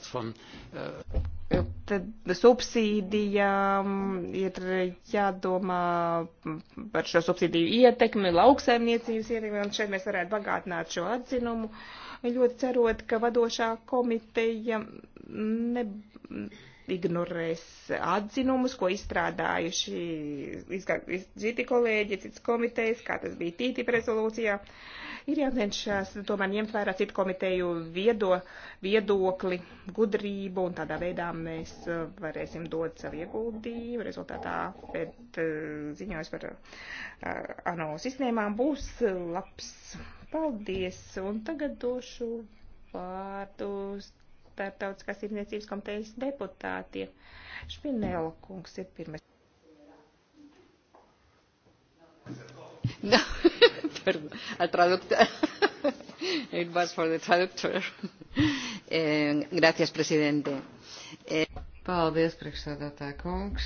from, uh... Tad subsīdijām ir jādomā par šo subsīdiju ietekmi, lauksaimniecības ietekmi, un šeit mēs varētu bagātināt šo atzinumu, ļoti cerot, ka vadošā komiteja ne ignorēs atzinumus, ko izstrādājuši citi kolēģi, cits komitejas, kā tas bija TTIP rezolūcijā. Ir jācenšas tomēr ņemt vērā citu komiteju viedo, viedokli, gudrību, un tādā veidā mēs uh, varēsim dot savu ieguldījumu. Rezultātā pēc uh, ziņojas par uh, ANO sistēmām būs labs. Paldies, un tagad došu vārdu Startautiskās izniecības komitejas deputātiem. Špinēla kungs ir pirmais. No, perdón, al traductor. It was for the traductor. Eh, gracias, presidente. Eh. Paldies, priekšsēdētāja kungs.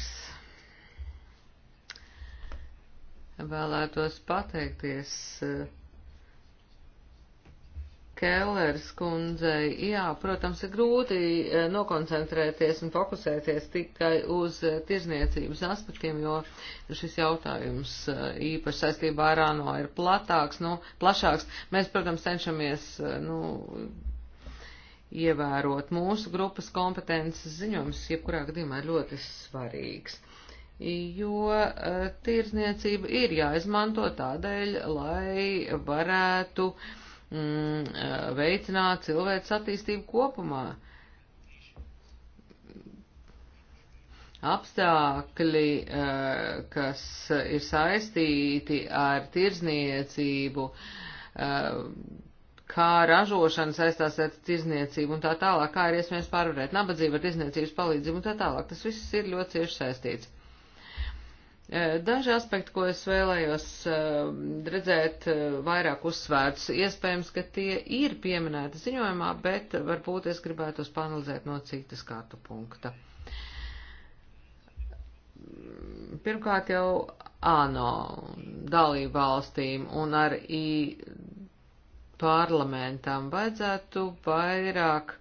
Vēlētos pateikties. Eh, Kellers kundzei, jā, protams, ir grūti eh, nokoncentrēties un fokusēties tikai uz eh, tirzniecības aspektiem, jo šis jautājums eh, īpaši saistībā ar ANO ir platāks, nu, plašāks. Mēs, protams, cenšamies, nu, ievērot mūsu grupas kompetences ziņojums, jebkurā gadījumā ir ļoti svarīgs jo tirzniecība ir jāizmanto tādēļ, lai varētu uh, mm, eh, veicināt cilvēks attīstību kopumā. Apstākļi, eh, kas ir saistīti ar tirzniecību, eh, kā ražošana saistās ar tirzniecību un tā tālāk, kā ir iespējams pārvarēt nabadzību ar tirzniecības palīdzību un tā tālāk, tas viss ir ļoti cieši saistīts. Daži aspekti, ko es vēlējos redzēt vairāk uzsvērts, iespējams, ka tie ir pieminēti ziņojumā, bet varbūt es gribētu tos panalizēt no citas skatu punkta. Pirmkārt jau ANO dalību valstīm un arī parlamentam vajadzētu vairāk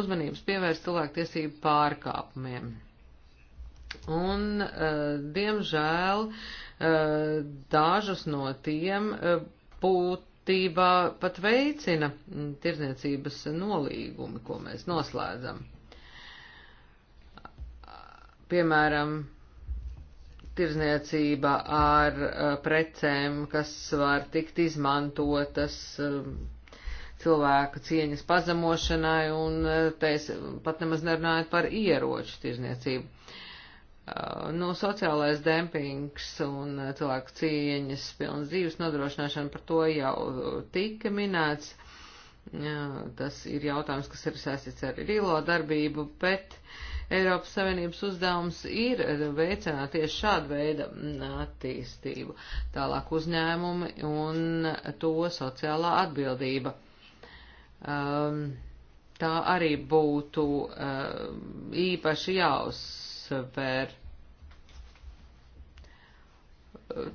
uzmanības pievērst cilvēktiesību pārkāpumiem Un, uh, diemžēl, uh, dažus no tiem uh, būtībā pat veicina mm, tirdzniecības nolīgumi, ko mēs noslēdzam. Piemēram, tirzniecība ar precēm, kas var tikt izmantotas cilvēku cieņas pazemošanai, un te es pat nemaz nerunāju par ieroču tirzniecību. Uh, no sociālais dempings un uh, cilvēku cieņas pilnas dzīves nodrošināšana par to jau tika minēts. Tas ir jautājums, kas ir saistīts ar Rīlo darbību, bet Eiropas Savienības uzdevums ir veicināt tieši šādu veidu mm, attīstību, tālāk uzņēmumi un to sociālā atbildība. Um, tā arī būtu um, īpaši jāuz jāuzsver.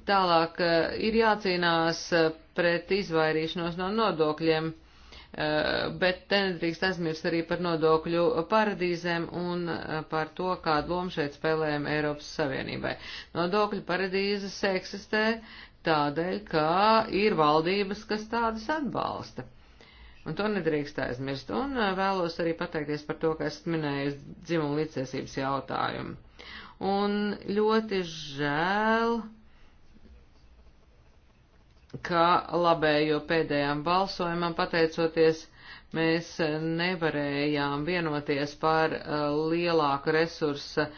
Tālāk eh, ir jācīnās eh, pret izvairīšanos no nodokļiem, eh, bet te nedrīkst aizmirst arī par nodokļu paradīzēm un par to, kādu lomu šeit spēlējam Eiropas Savienībai. Nodokļu paradīzes eksistē tādēļ, ka ir valdības, kas tādas atbalsta. Un to nedrīkst aizmirst. Un vēlos arī pateikties par to, ka esat minējis dzimumu līdztiesības jautājumu. Un ļoti žēl, ka labējo pēdējām balsojumam pateicoties, mēs nevarējām vienoties par lielāku resursa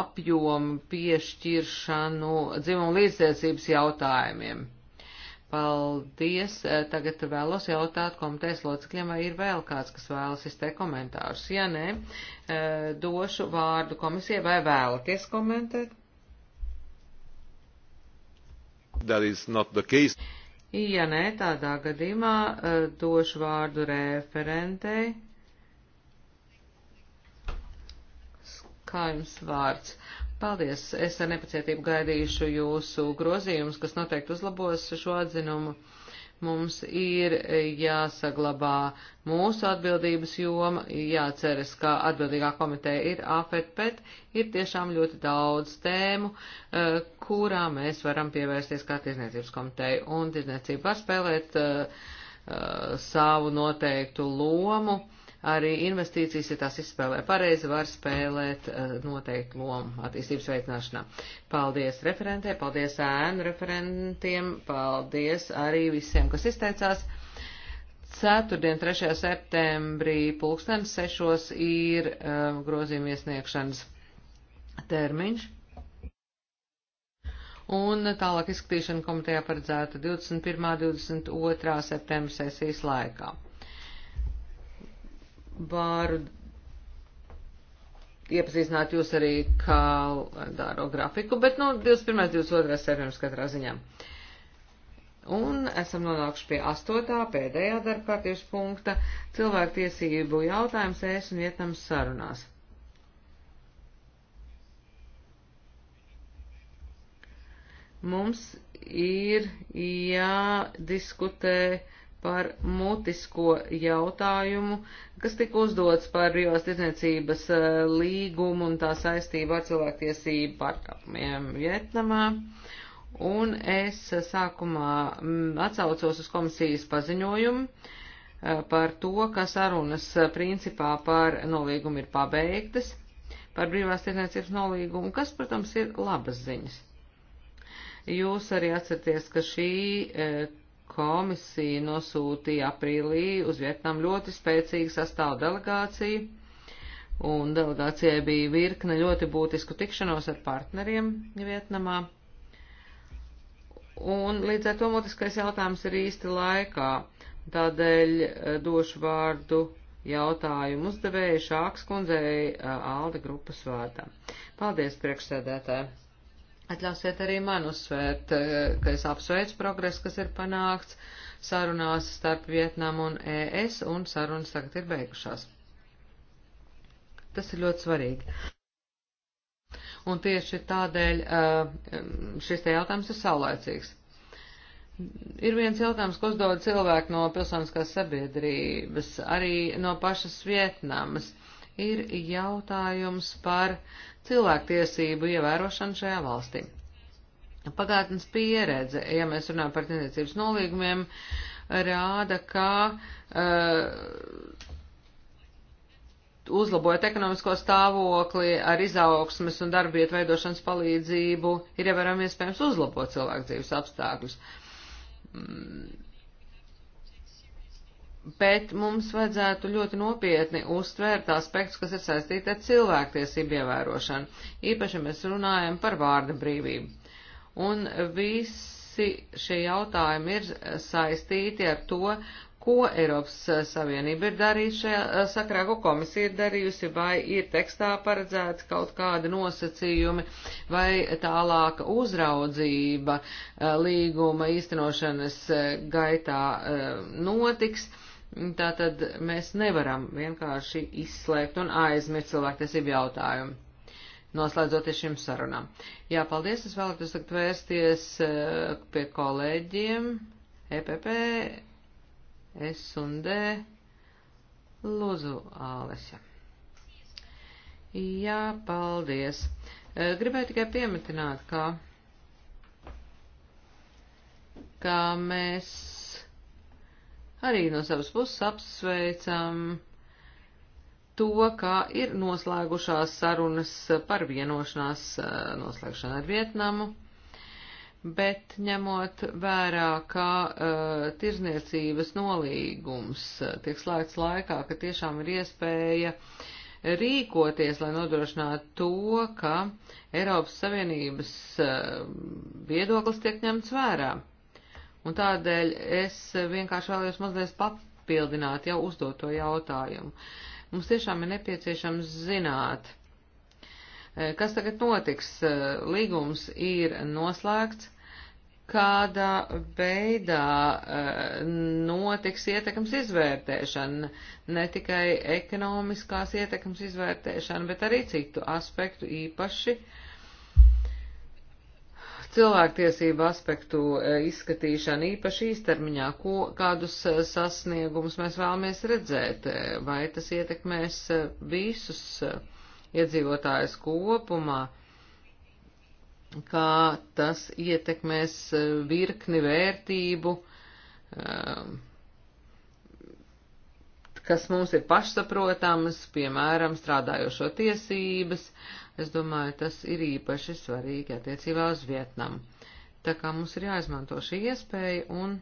apjomu piešķiršanu dzimumu līdztiesības jautājumiem. Paldies. Eh, tagad vēlos jautāt komitejas locekļiem, vai ir vēl kāds, kas vēlas izteikt komentārus. Ja nē, eh, došu vārdu komisijai, vai vēlaties komentēt? Ja nē, tādā gadījumā eh, došu vārdu referentei. kā jums vārds. Paldies, es ar nepacietību gaidīšu jūsu grozījumus, kas noteikti uzlabos šo atzinumu. Mums ir jāsaglabā mūsu atbildības joma, jāceras, ka atbildīgā komiteja ir AFET, bet ir tiešām ļoti daudz tēmu, eh, kurām mēs varam pievērsties kā tirzniecības komiteja, un tirzniecība var spēlēt uh, savu noteiktu lomu. Uh, arī investīcijas, ja tās izspēlē pareizi, var spēlēt eh, noteikti lomu attīstības veicināšanā. Paldies referentē, paldies ēnu referentiem, paldies arī visiem, kas izteicās. Ceturtdien, 3. septembrī, pulkstens sešos ir um, grozījuma iesniegšanas termiņš. Un tālāk izskatīšana komitejā paredzēta 21. 22. septembra sesijas laikā. Varu iepazīstināt jūs arī kalendāro grafiku, bet, nu, 21. 22. septembris katrā ziņā. Un esam nonākuši pie astotā, pēdējā darbkārtības punkta - cilvēktiesību jautājums ES un Vietnams sarunās. Mums ir jādiskutē. Ja par mutisko jautājumu, kas tika uzdots par brīvās tirdzniecības eh, līgumu un tā saistību ar cilvēktiesību pārkāpumiem Vietnamā. Un es eh, sākumā mm, atsaucos uz komisijas paziņojumu eh, par to, ka sarunas principā par nolīgumu ir pabeigtas, par brīvās tirdzniecības nolīgumu, kas, protams, ir labas ziņas. Jūs arī atcerieties, ka šī Komisija nosūtīja aprīlī uz Vietnam ļoti spēcīgu sastāvu delegāciju, un delegācijai bija virkne ļoti būtisku tikšanos ar partneriem Vietnamā. Un līdz ar to mutiskais jautājums ir īsti laikā, tādēļ eh, došu vārdu jautājumu uzdevēju Šāks kundzei eh, Alda grupas vārdā. Paldies, priekšsēdētāji! Atļausiet arī man uzsvērt, eh, ka es apsveicu progresu, kas ir panākts sarunās starp Vietnamu un ES, un sarunas tagad ir beigušās. Tas ir ļoti svarīgi. Un tieši tādēļ eh, šis te jautājums ir saulēcīgs. Ir viens jautājums, ko uzdod cilvēki no pilsoniskās sabiedrības, arī no pašas Vietnamas. Ir jautājums par cilvēktiesību ievērošanu šajā valstī. Pagātnes pieredze, ja mēs runājam par tirdzniecības nolīgumiem, rāda, ka uh, uzlabojot ekonomisko stāvokli ar izaugsmes un darbietu veidošanas palīdzību, ir ievērojami iespējams uzlabot cilvēku dzīves apstākļus. Mm bet mums vajadzētu ļoti nopietni uztvērt aspektus, kas ir saistīti ar cilvēktiesību ievērošanu, īpaši mēs runājam par vārda brīvību. Un visi šie jautājumi ir saistīti ar to, ko Eiropas Savienība ir darījusi šajā eh, sakrā, ko komisija ir darījusi, vai ir tekstā paredzēts kaut kādi nosacījumi, vai tālāka uzraudzība eh, līguma īstenošanas eh, gaitā notiks. Uh, Tātad mēs nevaram vienkārši izslēgt un aizmirst cilvēktiesību jautājumu. Noslēdzot šim sarunām. Jā, paldies, es vēlētos tagad vērsties eh, pie kolēģiem EPP, S&D, Lūdzu, Ālese. Jā, paldies. Eh, gribēju tikai piemetināt, ka, ka mēs arī no savas puses apsveicam to, kā ir noslēgušās sarunas par vienošanās eh, noslēgšanu ar Vietnamu, bet ņemot vērā, ka uh, tirzniecības nolīgums eh, tiek slēgts laikā, ka tiešām ir iespēja rīkoties, lai nodrošinātu to, ka Eiropas Savienības uh, viedoklis tiek ņemts vērā. Uh, Un tādēļ es vienkārši vēlējos mazliet papildināt jau uzdoto jautājumu. Mums tiešām ir nepieciešams zināt, e, kas tagad notiks. E, Līgums ir noslēgts, kādā veidā e, notiks ietekmes izvērtēšana, ne tikai ekonomiskās ietekmes izvērtēšana, bet arī citu aspektu īpaši uh, cilvēktiesību aspektu e, izskatīšana īpaši īstermiņā, ko, kādus e, sasniegumus mēs vēlamies redzēt, e, vai tas ietekmēs visus iedzīvotājus kopumā, kā tas ietekmēs virkni vērtību, kas mums ir pašsaprotams, piemēram, strādājošo tiesības, Es domāju, tas ir īpaši svarīgi attiecībā uz Vietnamu. Tā kā mums ir jāizmanto šī iespēja un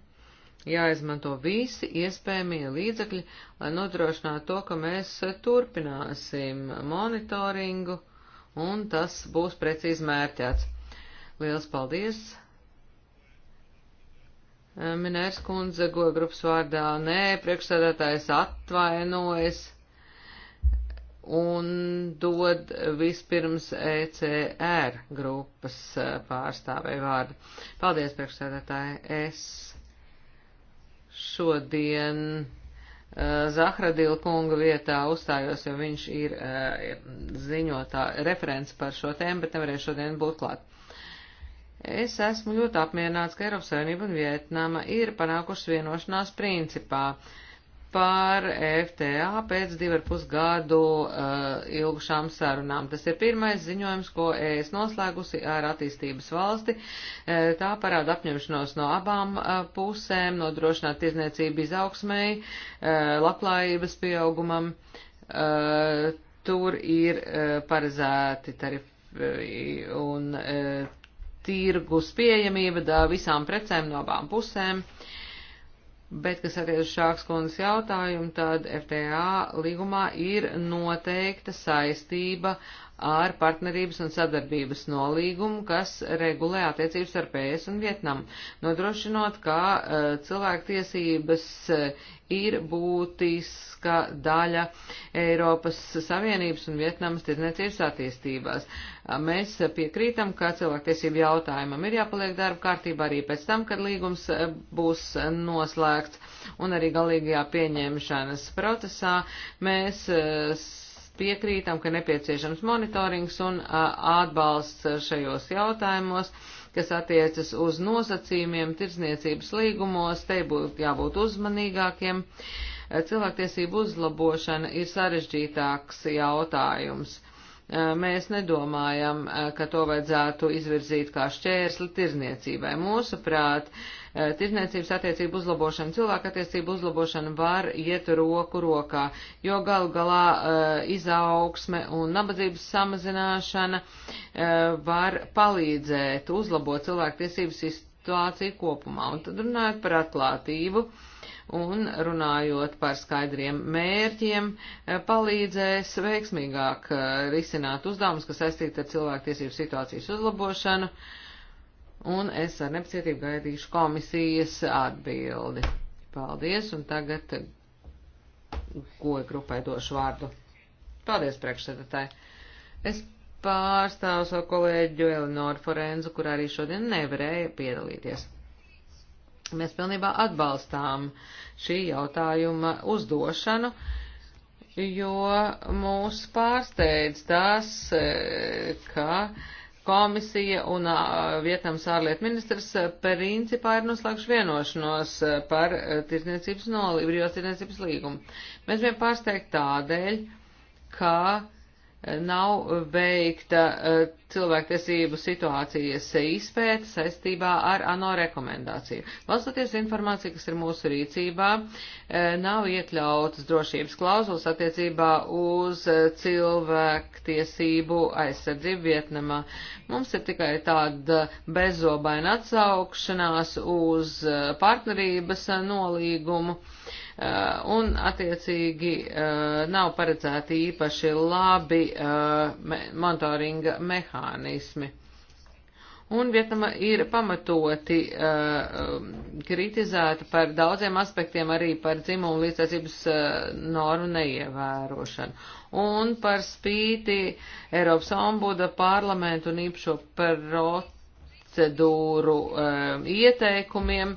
jāizmanto visi iespējamie līdzekļi, lai nodrošinātu to, ka mēs turpināsim monitoringu un tas būs precīzi mērķēts. Liels paldies! Minērs kundze, go grupas vārdā, nē, priekšsēdētājs atvainojas un dod vispirms ECR grupas eh, pārstāvēju vārdu. Paldies, priekšsēdētāji. Es šodien uh, eh, Zahradila kunga vietā uzstājos, jo viņš ir uh, ziņotā referents par šo tēmu, bet nevarēju šodien būt klāt. Es esmu ļoti apmierināts, ka Eiropas Savienība un Vietnama ir panākušas vienošanās principā. Uh, par FTA pēc divu ar pus gadu uh, ilgušām sarunām. Tas ir pirmais ziņojums, ko es noslēgusi ar attīstības valsti. Uh, tā parāda apņemšanos no abām uh, pusēm, nodrošināt tirzniecību izaugsmēji, uh, labklājības pieaugumam. Uh, tur ir uh, paredzēti tarifi un uh, tirgus pieejamība visām precēm no abām pusēm. Uh, Bet, kas attiec uz šāks kundas jautājumu, tad FTA līgumā ir noteikta saistība ar partnerības un sadarbības nolīgumu, kas regulē attiecības ar PS un Vietnamu, nodrošinot, ka uh, cilvēktiesības uh, ir būtiska daļa Eiropas Savienības un Vietnamas tirdzniecības attīstībās. Uh, mēs piekrītam, ka cilvēktiesību jautājumam ir jāpaliek darba kārtībā arī pēc tam, kad līgums eh, būs noslēgts un arī galīgajā pieņemšanas procesā. Mēs piekrītam, ka nepieciešams monitorings un atbalsts šajos jautājumos, kas attiecas uz nosacījumiem tirsniecības līgumos, te būtu jābūt uzmanīgākiem. Cilvēktiesību uzlabošana ir sarežģītāks jautājums. Mēs nedomājam, ka to vajadzētu izvirzīt kā šķērsli tirzniecībai. Mūsuprāt, tirzniecības attiecību uzlabošana, cilvēka attiecību uzlabošana var iet roku rokā, jo galu galā izaugsme un nabadzības samazināšana var palīdzēt uzlabot cilvēku tiesību situāciju kopumā. Un tad runājot par atklātību. Uh, un runājot par skaidriem mērķiem, eh, palīdzēs veiksmīgāk eh, risināt uzdevumus, kas saistīti ar cilvēktiesību situācijas uzlabošanu, un es ar nepacietību gaidīšu komisijas atbildi. Paldies, un tagad goja grupai došu vārdu. Paldies, priekšsēdētāji. Es pārstāvu savu kolēģu Elinoru Forenzu, kur arī šodien nevarēja piedalīties. Mēs pilnībā atbalstām šī jautājuma uzdošanu, jo mūs pārsteidz tas, e, ka komisija un Vietnams ārlietu ministrs principā ir noslēguši vienošanos par e, tirsniecības nolību, brīvās tirsniecības līgumu. Mēs vien pārsteigti tādēļ, ka nav veikta eh, cilvēktiesību situācijas izpēta saistībā ar ANO rekomendāciju. Balstoties informāciju, kas ir mūsu rīcībā, eh, nav iekļautas drošības klauzulas attiecībā uz eh, cilvēktiesību aizsardzību Vietnamā. Mums ir tikai tāda bezobaina atsaukšanās uz partnerības nolīgumu Eh, un attiecīgi eh, nav paredzēti īpaši labi eh, monitoringa mehānismi. Un Vietnama ir pamatoti kritizēta par daudziem aspektiem, arī par dzimumu līdzsacības normu neievērošanu. Un par spīti Eiropas ombuda parlamentu un īpašo procedūru ieteikumiem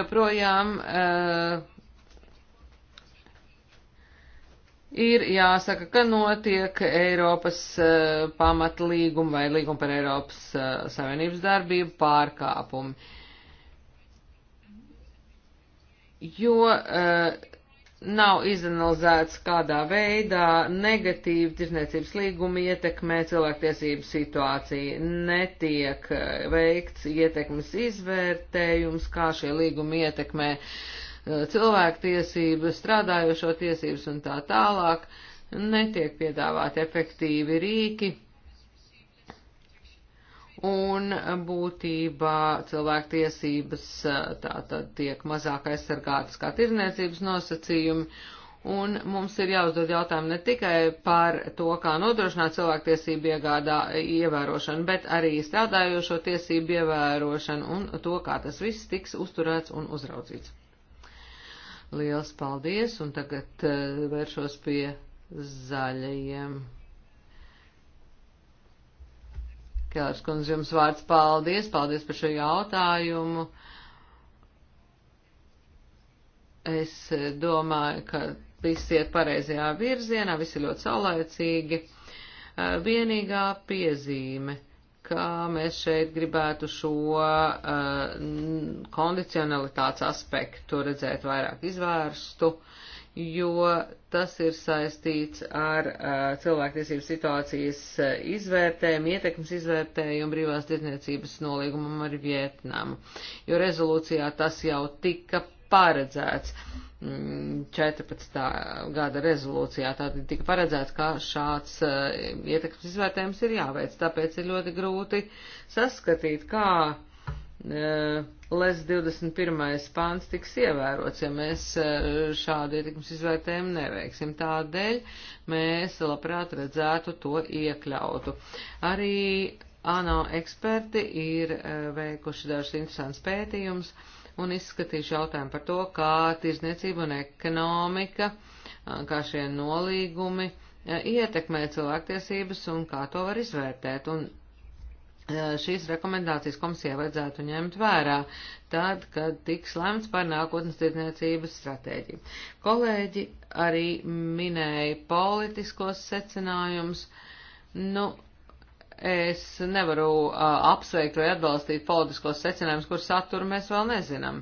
joprojām uh, ir jāsaka, ka notiek Eiropas uh, pamatlīguma vai līguma par Eiropas uh, Savienības darbību pārkāpumi. Jo uh, nav izanalizēts, kādā veidā negatīvi tirsniecības līgumi ietekmē cilvēktiesību situāciju, netiek veikts ietekmes izvērtējums, kā šie līgumi ietekmē uh, Eh, cilvēktiesības, strādājošo tiesības un tā tālāk, netiek piedāvāti efektīvi rīki. Un būtībā cilvēktiesības eh, tātad tiek mazāk aizsargātas kā tirniecības nosacījumi, un mums ir jāuzdod jautājumu ne tikai par to, kā nodrošināt cilvēktiesību iegādā ievērošanu, bet arī strādājošo tiesību ievērošanu un to, kā tas viss tiks uzturēts un uzraudzīts. Liels paldies, un tagad uh, vēršos pie zaļajiem. Kēlers kundze, jums vārds paldies, paldies par šo jautājumu. Es eh, domāju, ka viss iet pareizajā virzienā, visi ļoti saulēcīgi. Eh, vienīgā piezīme ka mēs šeit gribētu šo uh, kondicionalitātes aspektu redzēt vairāk izvērstu, jo tas ir saistīts ar uh, cilvēktiesību situācijas eh, izvērtējumu, ietekmes izvērtējumu brīvās tirdzniecības nolīgumam ar Vietnamu, jo rezolūcijā tas jau tika paredzēts 14. Mm, gada rezolūcijā. Tātad tika paredzēts, ka šāds e, ietekmes izvērtējums ir jāveic, tāpēc ir ļoti grūti saskatīt, kā e, les 21. pāns tiks ievērots, ja mēs e, šādu ietekmes izvērtējumu neveiksim. Tādēļ mēs labprāt redzētu to iekļautu. Arī ANO eksperti ir veikuši dažus interesants pētījumus un izskatīšu jautājumu par to, kā tirzniecība un ekonomika, kā šie nolīgumi ietekmē cilvēktiesības un kā to var izvērtēt. Un šīs rekomendācijas komisijai vajadzētu ņemt vērā tad, kad tiks lemts par nākotnes tirdzniecības stratēģiju. Kolēģi arī minēja politiskos secinājumus. Nu, Es nevaru uh, apsveikt vai atbalstīt politiskos secinājumus, kur saturu mēs vēl nezinām.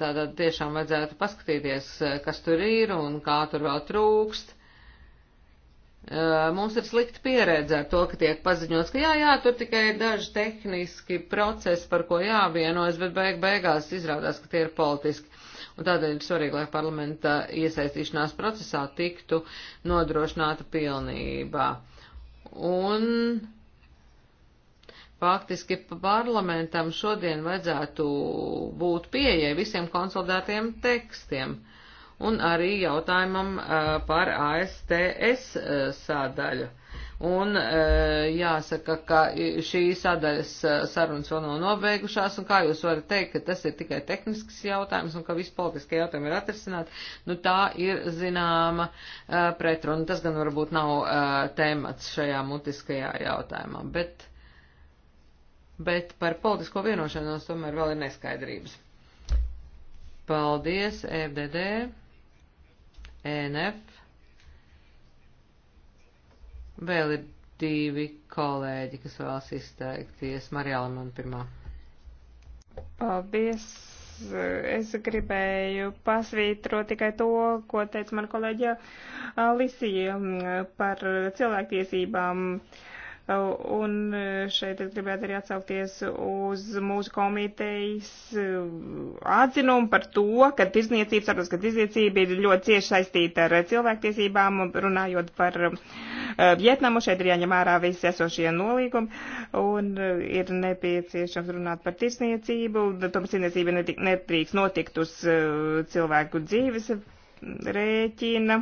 Tātad tiešām vajadzētu paskatīties, kas tur ir un kā tur vēl trūkst. Uh, mums ir slikta pieredze ar to, ka tiek paziņots, ka jā, jā, tur tikai ir daži tehniski procesi, par ko jāvienojas, bet beig beigās izrādās, ka tie ir politiski un tādēļ ir svarīgi, lai parlamenta iesaistīšanās procesā tiktu nodrošināta pilnībā. Un faktiski parlamentam šodien vajadzētu būt pieejai visiem konsolidētiem tekstiem un arī jautājumam par ASTS sādaļu. Uh, Un eh, jāsaka, ka šīs sadaļas eh, sarunas vēl nav nobeigušās, un kā jūs varat teikt, ka tas ir tikai tehnisks jautājums, un ka visi politiskie jautājumi ir atrisināti, nu tā ir zināma eh, pretruna. Tas gan varbūt nav tēmats šajā mutiskajā jautājumā, bet, bet par politisko vienošanos tomēr vēl ir neskaidrības. Paldies, FDD, e ENF. Vēl ir divi kolēģi, kas vēlas izteikties. Marijāla man pirmā. Paldies. Es gribēju pasvītrot tikai to, ko teica man kolēģa Lisija par cilvēktiesībām. Uh, Un šeit es gribētu arī atsaukties uz mūsu komitejas uh, atzinumu par to, ka tirzniecība, saprotu, ka tirzniecība ir ļoti cieši saistīta ar cilvēktiesībām, runājot par uh, Vietnamu, šeit ir jāņem ārā visi esošie nolīgumi, un uh, ir nepieciešams runāt par tirzniecību, tomēr tirzniecība netrīkst notikt uz cilvēku dzīves rēķina.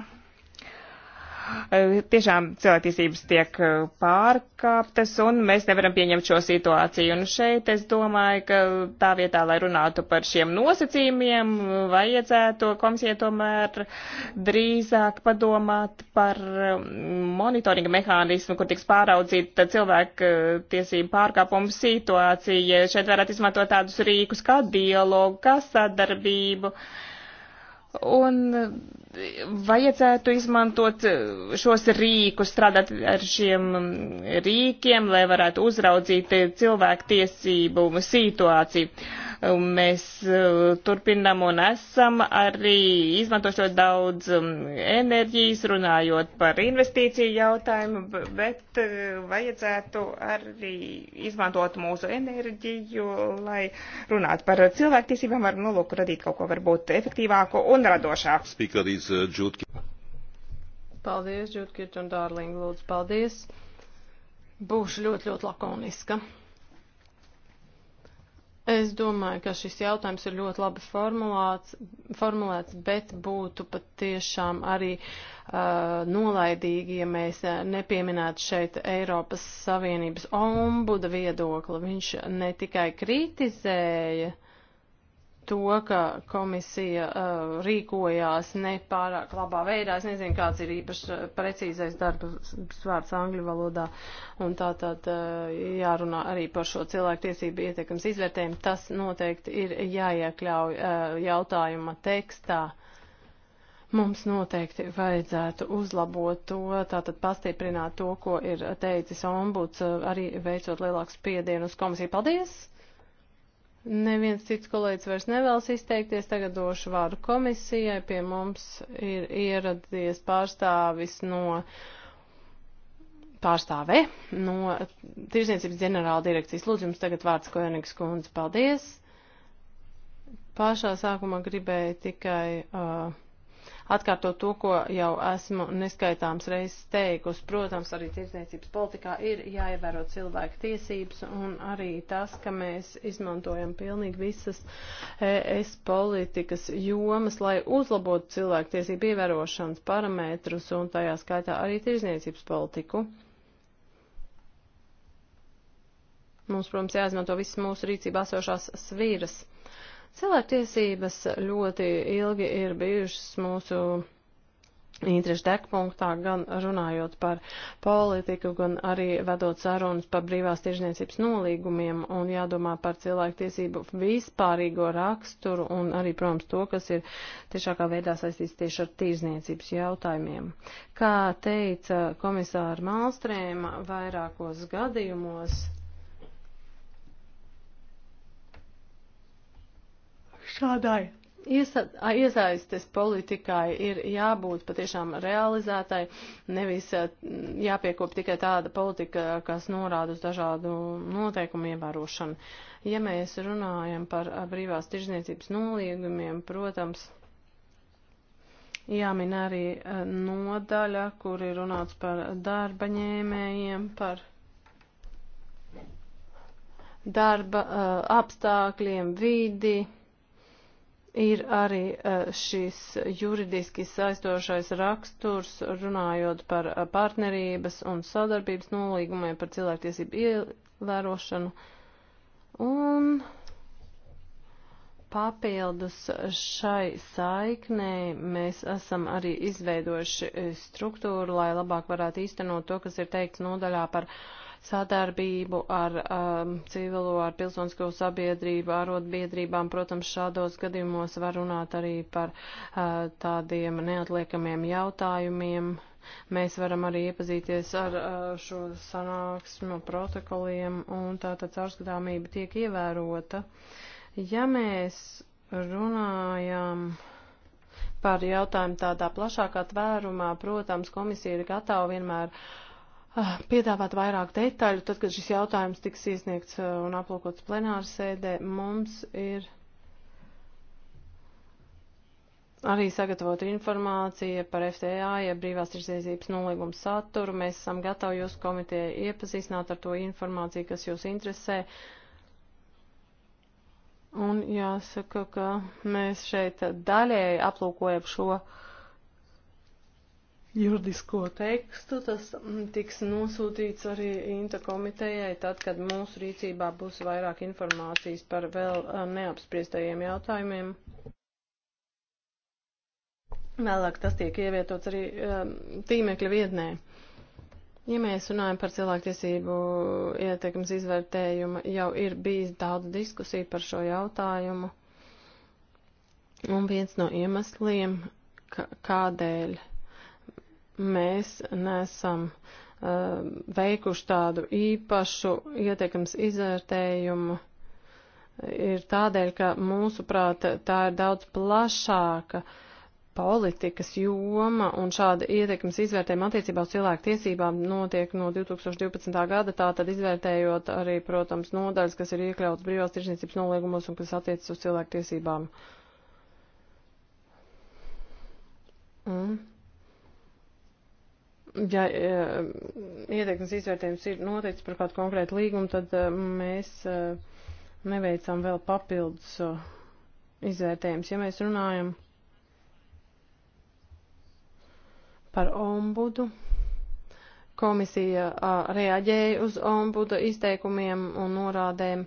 Eh, tiešām cilvēktiesības tiek eh, pārkāptas, un mēs nevaram pieņemt šo situāciju. Un šeit es domāju, ka tā vietā, lai runātu par šiem nosacījumiem, vajadzētu komisija tomēr drīzāk padomāt par eh, monitoringa mehānismu, kur tiks pāraudzīta cilvēktiesību pārkāpumu situācija. Šeit varētu izmantot tādus rīkus kā dialogu, kā sadarbību. Uh, Un vajadzētu izmantot šos rīkus, strādāt ar šiem rīkiem, lai varētu uzraudzīt cilvēku tiesību situāciju. Mēs uh, turpinam un esam arī izmantošot daudz um, enerģijas, runājot par investīciju jautājumu, bet uh, vajadzētu arī izmantot mūsu enerģiju, lai runātu par cilvēktiesībām, ar nolūku nu, radīt kaut ko varbūt efektīvāku un radošāku. Speakeris uh, Džūtki. Paldies, Džūtki un Dārling, lūdzu, paldies. Būšu ļoti, ļoti lakoniska. Es domāju, ka šis jautājums ir ļoti labi formulēts, formulēts bet būtu pat tiešām arī uh, nolaidīgi, ja mēs uh, nepieminētu šeit Eiropas Savienības ombuda viedokli. Viņš ne tikai kritizēja uh, to, ka komisija uh, rīkojās nepārāk labā veidā. Es nezinu, kāds ir īpaši uh, precīzais darbs vārds angļu valodā. Un tā tad uh, jārunā arī par šo cilvēktiesību ietekmes izvērtējumu. Tas noteikti ir jāiekļauj uh, jautājuma tekstā. Mums noteikti vajadzētu uzlabot to, tātad pastiprināt to, ko ir teicis ombuds, uh, arī veicot lielāku spiedienu uz komisiju. Paldies! Neviens cits kolēģis vairs nevēlas izteikties, tagad došu vārdu komisijai. Pie mums ir ieradies pārstāvis no pārstāvē no Tirzniecības ģenerāla direkcijas. Lūdzu, jums tagad vārds Koenigs kundze. Paldies! Pašā sākumā gribēju tikai uh, atkārtot to, ko jau esmu neskaitāms reizes teikusi. Protams, arī tirsniecības politikā ir jāievēro cilvēku tiesības un arī tas, ka mēs izmantojam pilnīgi visas ES politikas jomas, lai uzlabotu cilvēku tiesību ievērošanas parametrus un tajā skaitā arī tirsniecības politiku. Mums, protams, jāizmanto visas mūsu rīcībā esošās svīras. Cilvēktiesības ļoti ilgi ir bijušas mūsu interešu degpunktā, gan runājot par politiku, gan arī vedot sarunas par brīvās tirzniecības nolīgumiem un jādomā par cilvēktiesību vispārīgo raksturu un arī, protams, to, kas ir tiešākā veidā saistīts tieši ar tirzniecības jautājumiem. Kā teica komisāra Malstrēma, vairākos gadījumos šādai Iesa, iesaistes politikai ir jābūt patiešām realizētai, nevis jāpiekop tikai tāda politika, kas norāda uz dažādu noteikumu ievērošanu. Ja mēs runājam par brīvās tirzniecības nolīgumiem, protams, jāmin arī nodaļa, kur ir runāts par darba ņēmējiem, par darba apstākļiem, vidi Ir arī eh, šis juridiski saistošais raksturs, runājot par eh, partnerības un sadarbības nolīgumiem par cilvēktiesību ievērošanu. Un papildus šai saiknei mēs esam arī izveidojuši eh, struktūru, lai labāk varētu īstenot to, kas ir teikts nodaļā par uh, sadarbību ar um, civilo, ar pilsonisko sabiedrību, arotbiedrībām. Protams, šādos gadījumos var runāt arī par uh, tādiem neatliekamiem jautājumiem. Mēs varam arī iepazīties ar uh, šo sanāksmu protokoliem un tātad caurskatāmība tiek ievērota. Ja mēs runājam par jautājumu tādā plašākā tvērumā, protams, komisija ir gatava vienmēr uh, Ah, piedāvāt vairāk detaļu, tad, kad šis jautājums tiks iesniegts eh, un aplūkots plenāra sēdē, mums ir arī sagatavot informāciju par FTA, ja brīvās tirsniecības nolīgumu saturu. Mēs esam gatavi jūsu komitejai iepazīstināt ar to informāciju, kas jūs interesē. Un jāsaka, ka mēs šeit daļēji aplūkojam šo uh, juridisko tekstu. Tas mm, tiks nosūtīts arī Inta komitejai, tad, kad mūsu rīcībā būs vairāk informācijas par vēl eh, neapspriestajiem jautājumiem. Vēlāk tas tiek ievietots arī eh, tīmekļa vietnē. Ja mēs runājam par cilvēktiesību ietekmes izvērtējumu, jau ir bijis daudz diskusiju par šo jautājumu. Un viens no iemesliem, kādēļ mēs nesam uh, veikuši tādu īpašu ietekmes izvērtējumu, ir tādēļ, ka mūsuprāt tā ir daudz plašāka politikas joma un šāda ietekmes izvērtējuma attiecībā uz cilvēku tiesībām notiek no 2012. gada, tā tad izvērtējot arī, protams, nodaļas, kas ir iekļautas brīvās tirsniecības noliegumos un kas attiecas uz cilvēku tiesībām. Un ja eh, ieteikums izvērtējums ir noteikts par kādu konkrētu līgumu, tad eh, mēs eh, neveicam vēl papildus izvērtējums. Ja mēs runājam par ombudu, komisija reaģēja uz ombuda izteikumiem un norādēm.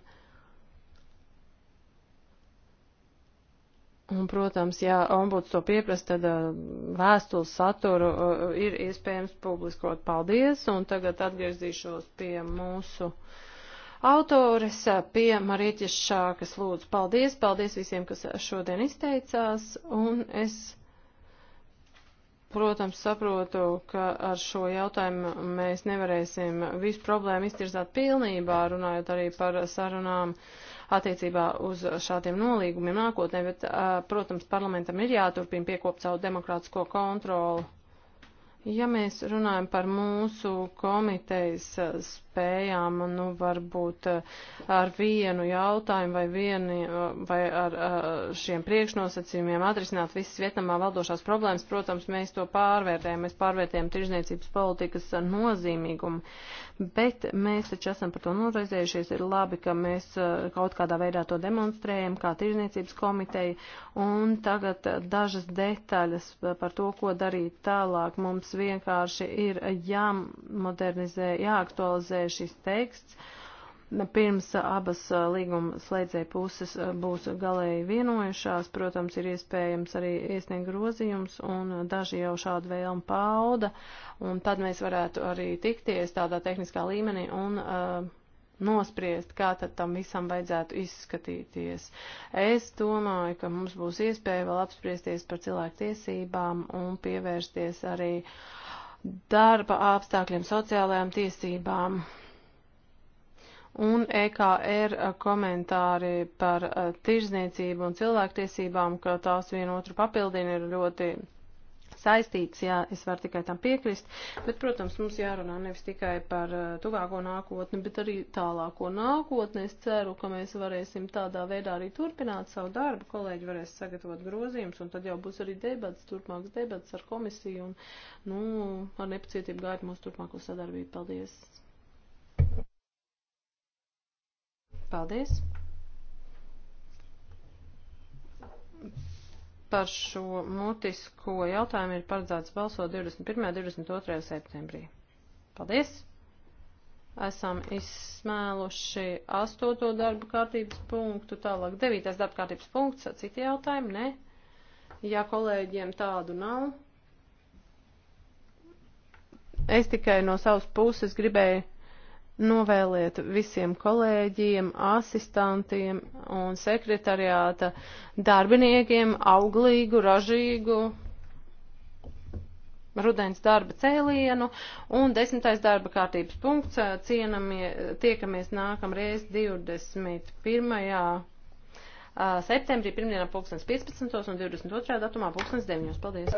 Un, protams, ja ombuds to pieprasa, tad uh, vēstules saturu uh, ir iespējams publiskot. Paldies! Un tagad atgriezīšos pie mūsu autores, pie Marīķis Šākas lūdzu. Paldies! Paldies visiem, kas šodien izteicās. Un es, protams, saprotu, ka ar šo jautājumu mēs nevarēsim visu problēmu iztirzāt pilnībā, runājot arī par sarunām. Uh, attiecībā uz šādiem nolīgumiem nākotnē, bet, protams, parlamentam ir jāturpina piekopt savu demokrātisko kontroli. Ja mēs runājam par mūsu komitejas eh, spējām, nu varbūt eh, ar vienu jautājumu vai, vieni, eh, vai ar šiem priekšnosacījumiem atrisināt visas Vietnamā valdošās problēmas, protams, mēs to pārvērtējam, mēs pārvērtējam tirzniecības politikas nozīmīgumu, bet mēs taču esam par to noraizējušies, ir labi, ka mēs kaut kādā veidā to demonstrējam kā tirzniecības komiteja, un tagad dažas detaļas par to, ko darīt tālāk mums vienkārši ir jāmodernizē, jāaktualizē šis teksts. Pirms abas uh, līguma slēdzēja puses uh, būs galēji vienojušās, protams, ir iespējams arī iesniegt grozījums, un daži jau šādu vēlmu pauda, un tad mēs varētu arī tikties tādā tehniskā līmenī un uh, nospriest, kā tad tam visam vajadzētu izskatīties. Es domāju, ka mums būs iespēja vēl apspriesties par cilvēku tiesībām un pievērsties arī darba apstākļiem, sociālajām tiesībām. Un EKR komentāri par eh, tirzniecību un cilvēktiesībām, ka tās vienotru papildina, ir ļoti saistīts, jā, es varu tikai tam piekrist, bet, protams, mums jārunā nevis tikai par eh, tuvāko nākotni, bet arī tālāko nākotni. Es ceru, ka mēs varēsim tādā veidā arī turpināt savu darbu, kolēģi varēs sagatavot grozījumus, un tad jau būs arī debats, turpmāks debats ar komisiju, un, nu, ar nepacietību gaidu mūsu turpmāko sadarbību. Paldies! Paldies! Par šo mutisko jautājumu ir paredzēts balsot 21. un 22. septembrī. Paldies! Esam izsmēluši 8. darba kārtības punktu, tālāk 9. darba kārtības punkts, citi jautājumi, ne? Ja kolēģiem tādu nav, es tikai no savas puses gribēju novēliet visiem kolēģiem, asistantiem un sekretariāta darbiniekiem auglīgu, ražīgu rudens darba cēlienu un desmitais darba kārtības punkts cienamie, tiekamies nākamreiz 21. septembrī, pirmdienā 2015. un 22. datumā 2009. Paldies!